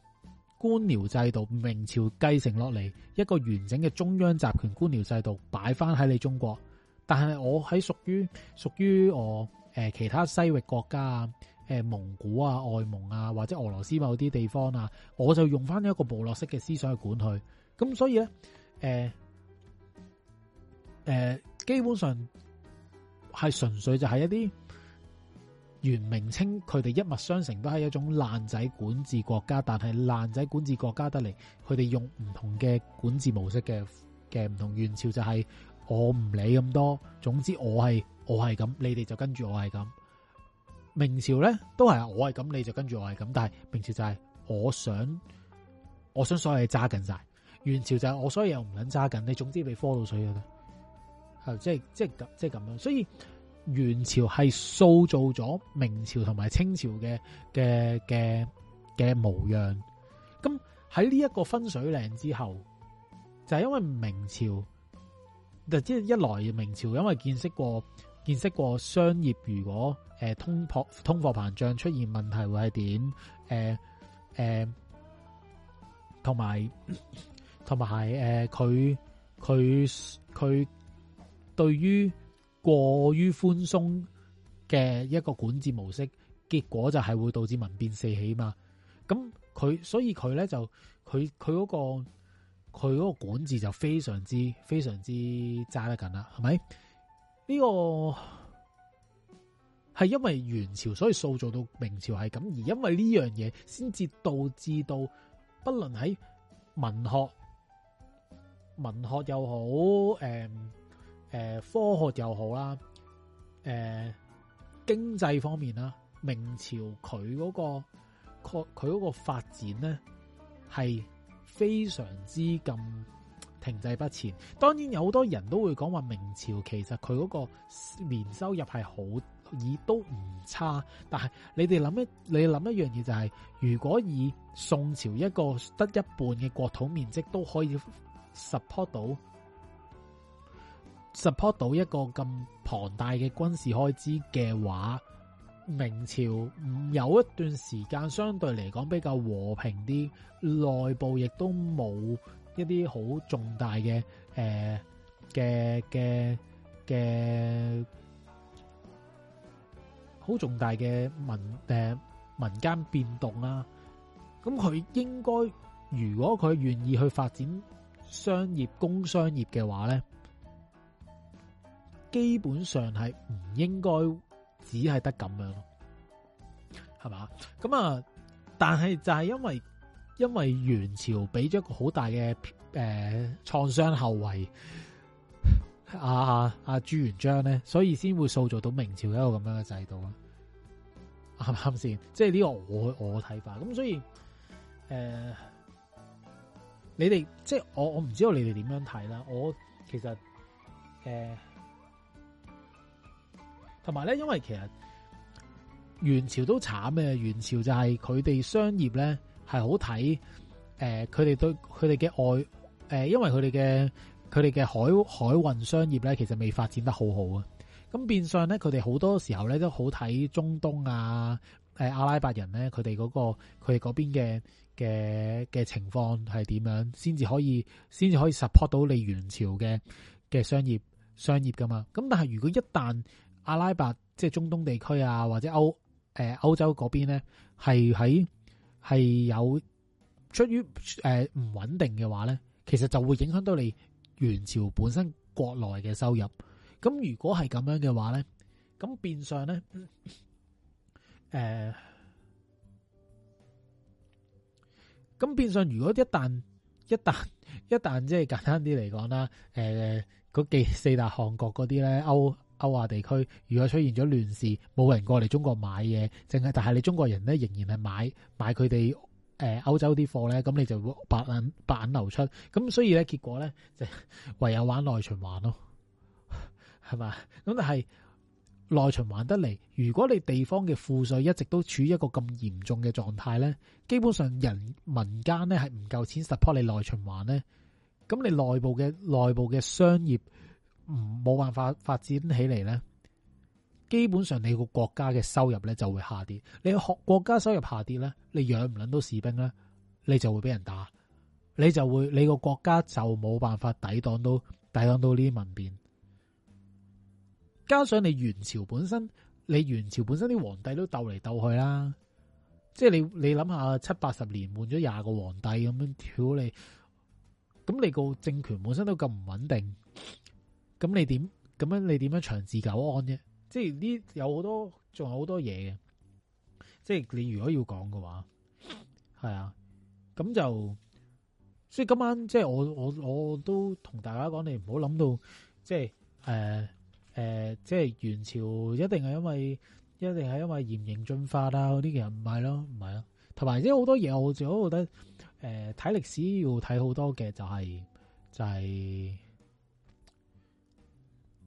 官僚制度，明朝繼承落嚟，一個完整嘅中央集權官僚制度擺翻喺你中國，但係我喺屬於屬於我誒、呃、其他西域國家啊，誒、呃、蒙古啊、外蒙啊，或者俄羅斯某啲地方啊，我就用翻一個部落式嘅思想去管佢，咁所以咧誒誒基本上。係純粹就係一啲元明清佢哋一脈相承，都係一種爛仔管治國家。但係爛仔管治國家得嚟，佢哋用唔同嘅管治模式嘅嘅唔同，元朝就係我唔理咁多，總之我係我係咁，你哋就跟住我係咁。明朝咧都係我係咁，你就跟住我係咁。但係明朝就係我想，我想所有嘢揸緊晒，元朝就係我，所以又唔捻揸緊你，總之畀科到水噶啦。即係即係咁，即係咁樣，所以元朝係塑造咗明朝同埋清朝嘅嘅嘅嘅模樣。咁喺呢一個分水嶺之後，就係、係、因為明朝，就即、係、係一來明朝，因為見識過見識過商業，如果誒、呃、通貨通貨膨脹出現問題或者點？誒、呃、誒，同埋同埋係誒佢佢佢。對於過於寬鬆嘅一個管治模式，結果就係會導致民變四起嘛。咁佢所以佢咧就佢佢嗰個佢嗰個管治就非常之非常之揸得緊啦。係咪呢個係因為元朝所以塑造到明朝係咁，而因為呢樣嘢先至導致到，不論喺文學文學又好，誒、呃。誒，科學又好啦，誒、呃，經濟方面啦，明朝佢嗰，那個佢佢嗰個發展呢係非常之咁停滯不前。當然有好多人都會講話明朝其實佢嗰個年收入係好亦都唔差，但係你哋諗一你諗一樣嘢就係，是，如果以宋朝一個得一半嘅國土面積都可以 support 到。support 到一個咁龐大嘅軍事開支嘅話，明朝有一段時間相對嚟講比較和平啲，內部亦都冇一啲好重大嘅誒嘅嘅嘅好重大嘅民誒、呃、民間變動啦、啊。咁佢應該如果佢願意去發展商業、工商業嘅話咧。基本上係唔應該只係得咁樣咯，係嘛？咁啊，但係就係因為因為元朝俾咗一個好大嘅誒創傷後遺，阿、啊、阿、啊、朱元璋咧，所以先會塑造到明朝的一個咁樣嘅制度啊？啱唔啱先？即係呢個我我睇法。咁所以誒，你哋即係我我唔知道你哋點樣睇啦。我其實誒。呃同埋咧，因為其實元朝都慘嘅，元朝就係佢哋商業咧係好睇，誒，佢、呃、哋對佢哋嘅外，誒、呃，因為佢哋嘅佢哋嘅海海運商業咧，其實未發展得好好啊。咁變相咧，佢哋好多時候咧都好睇中東啊，誒、呃，阿拉伯人咧，佢哋嗰個佢哋嗰邊嘅嘅嘅情況係點樣，先至可以先至可以 support 到你元朝嘅嘅商業商業㗎嘛。咁但係如果一旦，阿拉伯即係中東地區啊，或者歐誒、呃、歐洲嗰邊咧，係喺係有出於誒唔、呃、穩定嘅話咧，其實就會影響到你元朝本身國內嘅收入。咁如果係咁樣嘅話咧，咁變相咧，誒、呃，咁變相如果一旦一旦一旦即係簡單啲嚟講啦，誒、呃、幾四大汗國嗰啲咧歐。歐亞地區如果出現咗亂事，冇人過嚟中國買嘢，淨係但係你中國人咧仍然係買買佢哋誒歐洲啲貨咧，咁你就白銀白銀流出，咁所以咧結果咧就唯有玩內循環咯，係嘛？咁但係內循環得嚟，如果你地方嘅賦稅一直都處於一個咁嚴重嘅狀態咧，基本上人民間咧係唔夠錢 support 你內循環咧，咁你內部嘅內部嘅商業。唔冇辦法發展起嚟咧，基本上你個國家嘅收入咧就會下跌。你學國家收入下跌咧，你養唔撚到到士兵咧，你就會俾人打，你就會你個國家就冇辦法抵擋到抵擋到呢啲民變。加上你元朝本身，你元朝本身啲皇帝都鬥嚟鬥去啦，即係你你諗下七八十年換咗廿個皇帝咁樣跳你，咁你個政權本身都咁唔穩定。咁你點咁樣？你點樣長治久安啫？即係呢有好多，仲有好多嘢嘅。即係你如果要講嘅話，係啊。咁就所以今晚即係我我我都同大家講，你唔好諗到即係誒誒，即係、呃呃、元朝一定係因為一定係因為嚴刑峻法啦。嗰啲嘅唔係咯，唔係咯。同埋即係好多嘢，我就好覺得誒睇、呃、歷史要睇好多嘅就係、是、就係、是。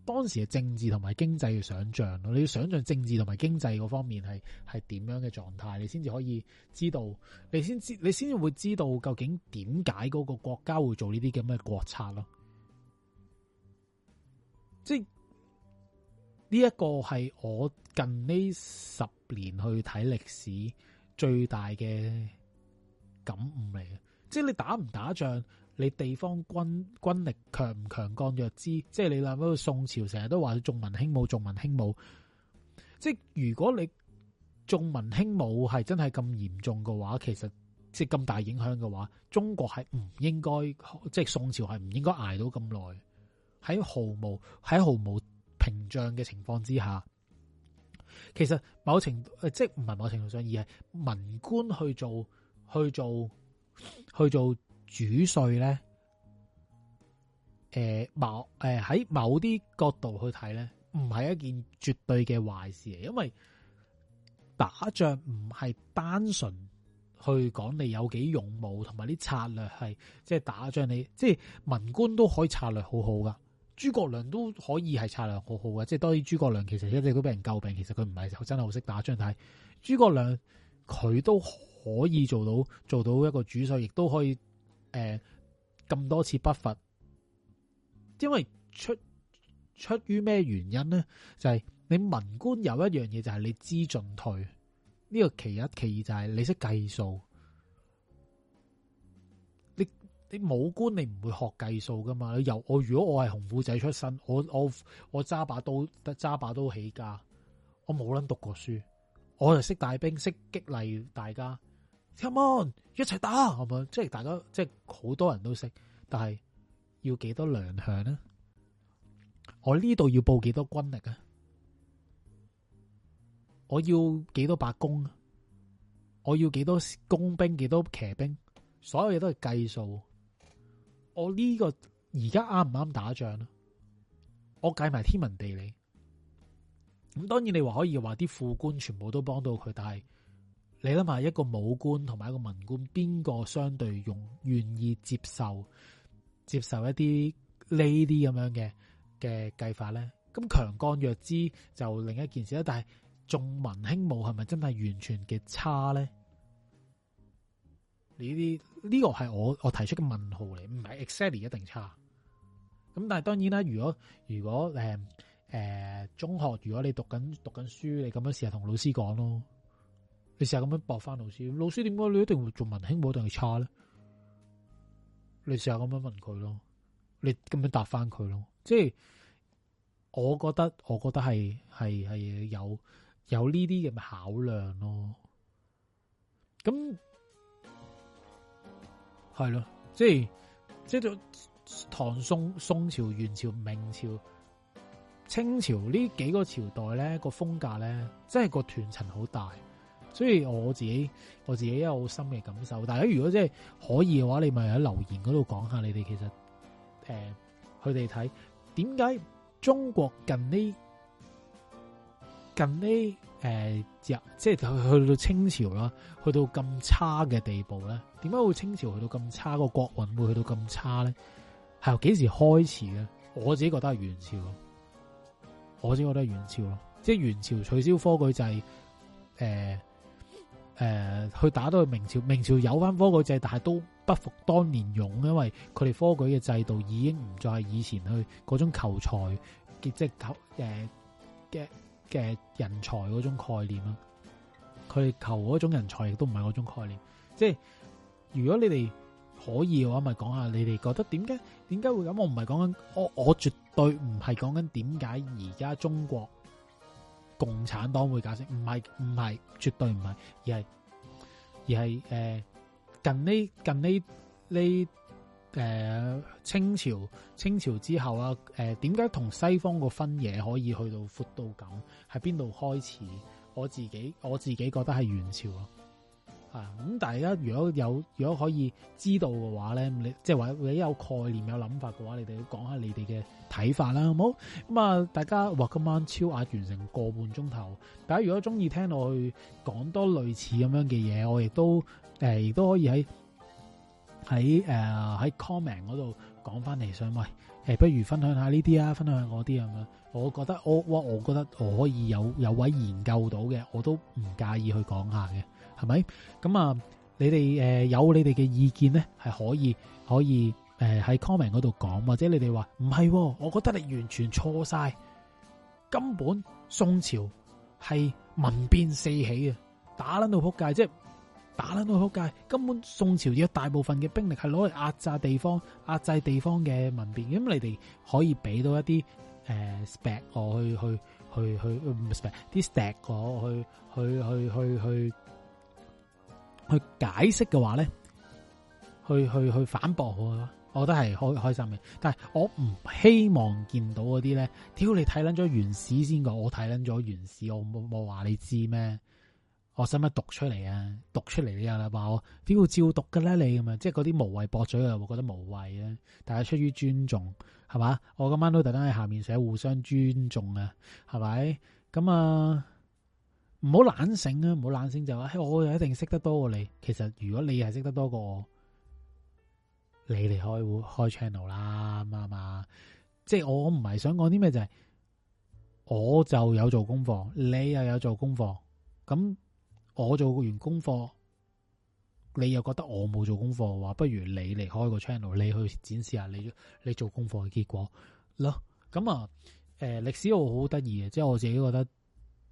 當時嘅政治同埋經濟嘅想象咯，你要想象政治同埋經濟嗰方面係係點樣嘅狀態，你先至可以知道，你先知你先至會知道究竟點解嗰個國家會做呢啲咁嘅國策咯。即係呢一個係我近呢十年去睇歷史最大嘅感悟嚟嘅，即係你打唔打仗？你地方軍軍力強唔強，幹弱之，即係你諗嗰宋朝成日都話重文輕武，重文輕武。即係如果你重文輕武係真係咁嚴重嘅話，其實即係咁大影響嘅話，中國係唔應該，即係宋朝係唔應該捱到咁耐，喺毫無喺毫無屏障嘅情況之下，其實某程度即係唔係某程度上，而係文官去做去做去做。去做去做去做主帥咧，誒、呃，某誒喺、呃、某啲角度去睇咧，唔係一件絕對嘅壞事，因為打仗唔係單純去講你有幾勇武，同埋啲策略係即係打仗你，你即係文官都可以策略好好噶諸葛亮都可以係策略好好噶即係當然諸葛亮其實一直都俾人詬病，其實佢唔係真係好識打仗。但係諸葛亮佢都可以做到做到一個主帥，亦都可以。誒、嗯，咁多次不伐，因為出出於咩原因咧？就係、是、你文官有一樣嘢就係你知進退，呢、這個其一其二，就係你識計數。你你武官你唔會學計數噶嘛？你由我如果我係紅褲仔出身，我我我揸把刀揸把刀起家，我冇捻讀過書，我就識帶兵識激勵大家。Come on，一齊打，係咪？即係大家，即係好多人都識，但係要幾多糧餉咧？我呢度要報幾多軍力啊？我要幾多白工啊？我要幾多工兵、幾多騎兵？所有嘢都係計數。我呢個而家啱唔啱打仗？我計埋天文地理。咁當然你話可以話啲副官全部都幫到佢，但係。你諗下一個武官同埋一個文官，邊個相對容願意接受接受一啲呢啲咁樣嘅嘅計法咧？咁強幹弱枝就另一件事啦。但係重文輕武係咪真係完全嘅差咧？呢啲呢個係我我提出嘅問號嚟，唔係 exactly 一定差。咁但係當然啦，如果如果誒誒、呃、中學如果你讀緊讀緊書，你咁樣試吓同老師講咯。你成日咁樣駁翻老師，老師點解你一定會做文興，冇定係差咧？你試下咁樣問佢咯，你咁樣答翻佢咯。即係我覺得，我覺得係係係有有呢啲嘅考量咯。咁係咯，即係即係唐宋、宋朝、元朝、明朝、清朝呢幾個朝代咧，個風格咧，真係個斷層好大。所以我自己我自己有好深嘅感受。大家如果即係可以嘅話，你咪喺留言嗰度講下你哋其實誒，佢哋睇點解中國近呢近呢誒、呃，即係去到清朝啦，去到咁差嘅地步咧？點解會清朝去到咁差個國運會去到咁差咧？係由幾時開始嘅？我自己覺得係元朝，我自己覺得係元朝咯，即係元朝取消科舉制誒。呃誒、呃，去打到去明朝，明朝有翻科舉制，但係都不復當年勇，因為佢哋科舉嘅制度已經唔再係以前去嗰種求才，即係求誒嘅嘅人才嗰種概念啦。佢哋求嗰種人才亦都唔係嗰種概念。即係如果你哋可以嘅話，咪講下你哋覺得點解？點解會咁？我唔係講緊，我我絕對唔係講緊點解而家中國。共產黨會解釋，唔係唔係，絕對唔係，而係而係誒、呃、近呢近呢呢誒清朝清朝之後啊誒，點解同西方個分野可以去到闊到咁，喺邊度開始？我自己我自己覺得係元朝啊。咁、啊、大家如果有如果可以知道嘅話咧，你即係話你有概念有諗法嘅話，你哋講下你哋嘅睇法啦，好唔好？咁、嗯、啊，大家話 (noise) 今晚超額完成個半鐘頭。大家如果中意聽落去講多類似咁樣嘅嘢，我亦都誒亦、呃、都可以喺喺誒喺 comment 嗰度講翻嚟。想喂，誒、呃呃，不如分享下呢啲啊，分享下啲咁樣。我覺得我我我覺得我可以有有位研究到嘅，我都唔介意去講下嘅。係咪？咁啊，你哋誒、呃、有你哋嘅意見咧，係可以可以誒喺、呃、comment 嗰度講，或者你哋話唔係，我覺得你完全錯晒。根本宋朝係民變四起啊，打捻到仆街，即係打捻到仆街。根本宋朝有大部分嘅兵力係攞嚟壓榨地方、壓制地方嘅民變。咁你哋可以俾到一啲誒、呃、spec，我去去去去唔係 spec 啲 spec 我去去去去去。去去去去解釋嘅話咧，去去去反駁我，我覺得係開開心嘅。但係我唔希望見到嗰啲咧，屌你睇捻咗原始先講，我睇捻咗原始，我冇冇話你知咩？我使乜讀出嚟啊？讀出嚟你又話我，屌照讀噶啦你咁啊！即係嗰啲無謂駁嘴嘅，會覺得無謂啊。大家出於尊重，係嘛？我今晚都特登喺下面寫互相尊重是吧啊，係咪？咁啊。唔好懶醒啊！唔好懶醒就話，嘿、哎，我又一定識得多過你。其實如果你係識得多過我，你嚟開會開 channel 啦啱嘛？即係我唔係想講啲咩，就係我就有做功課，你又有做功課。咁我做完功課，你又覺得我冇做功課嘅話，不如你嚟開個 channel，你去展示下你你做功課嘅結果咯。咁啊，誒、呃，歷史好得意嘅，即係我自己覺得。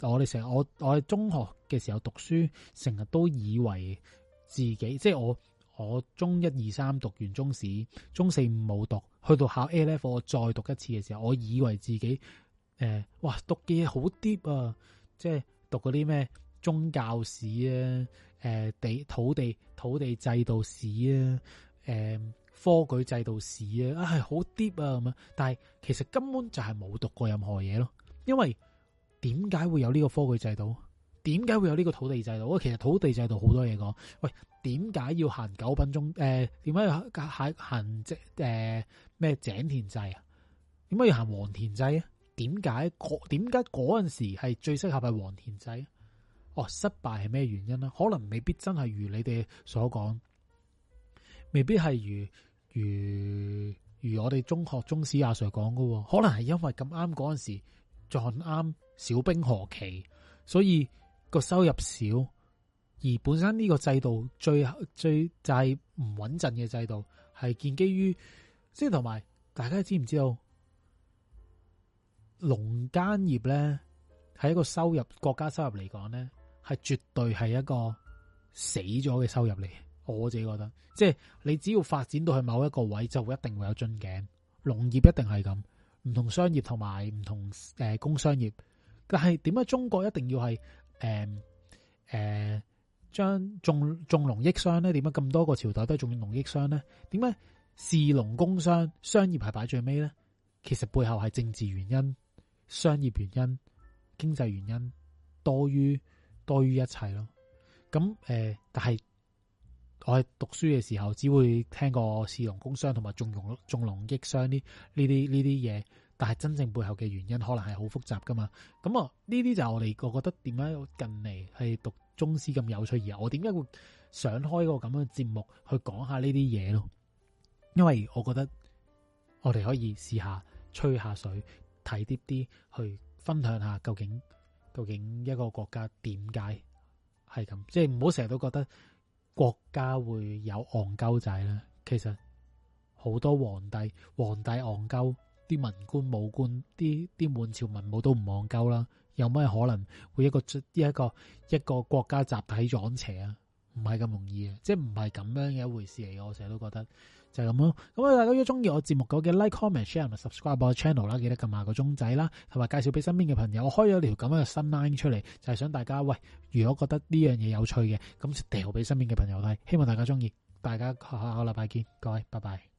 我哋成日，我我喺中學嘅時候讀書，成日都以為自己，即係我我中一二三讀完中史，中四五冇讀，去到考 A Level 我再讀一次嘅時候，我以為自己誒、呃，哇，讀嘅嘢好 deep 啊，即係讀嗰啲咩宗教史啊，誒、呃、地土地土地制度史啊，誒、呃、科舉制度史啊，哎、啊啊係好 deep 啊咁樣，但係其實根本就係冇讀過任何嘢咯，因為。點解會有呢個科舉制度？點解會有呢個土地制度？其實土地制度好多嘢講。喂，點解要行九品中？誒、呃，點解要行行即誒咩井田制啊？點解要行黃田制啊？點解嗰點解嗰陣時係最適合係黃田制？哦，失敗係咩原因咧？可能未必真係如你哋所講，未必係如如如我哋中學中史阿 Sir 講㗎，可能係因為咁啱嗰陣時撞啱。小兵何其，所以個收入少，而本身呢個制度最最制唔穩陣嘅制度，係建基於即係同埋大家知唔知道，農間業咧係一個收入國家收入嚟講咧，係絕對係一個死咗嘅收入嚟。我自己覺得，即係你只要發展到去某一個位，就會一定會有樽頸，農業一定係咁，唔同商業同埋唔同誒工商業。但係點解中國一定要係誒誒將重重農抑商咧？點解咁多個朝代都係重農抑商咧？點解士農工商商業係擺最尾咧？其實背後係政治原因、商業原因、經濟原因多於多於一切咯。咁誒、呃，但係我喺讀書嘅時候，只會聽過士農工商同埋重農，重農抑商呢呢啲呢啲嘢。但係真正背後嘅原因可能係好複雜㗎嘛？咁啊，呢啲就係我哋，我覺得點解近嚟係讀中史咁有趣而我點解會想開個咁樣嘅節目去講下呢啲嘢咯。因為我覺得我哋可以試下吹下水，睇啲啲去分享下究竟究竟一個國家點解係咁，即係唔好成日都覺得國家會有戇鳩仔啦。其實好多皇帝皇帝戇鳩。啲文官武官，啲啲滿朝文武都唔望夠啦，有咩可能會一個呢一個一個，一個國家集體撞邪啊？唔係咁容易啊，即係唔係咁樣嘅一回事嚟嘅。我成日都覺得就係咁咯。咁、嗯、啊，大家如果中意我節目嘅，like、comment、share 同埋 subscribe 我 channel 啦，記得撳、like，下個鐘仔啦，同埋介紹俾身邊嘅朋友。我開咗條咁樣嘅新 line 出嚟，就係、是、想大家喂，如果覺得呢樣嘢有趣嘅，咁掉俾身邊嘅朋友睇，希望大家中意。大家下下個禮拜見，各位拜拜。拜拜。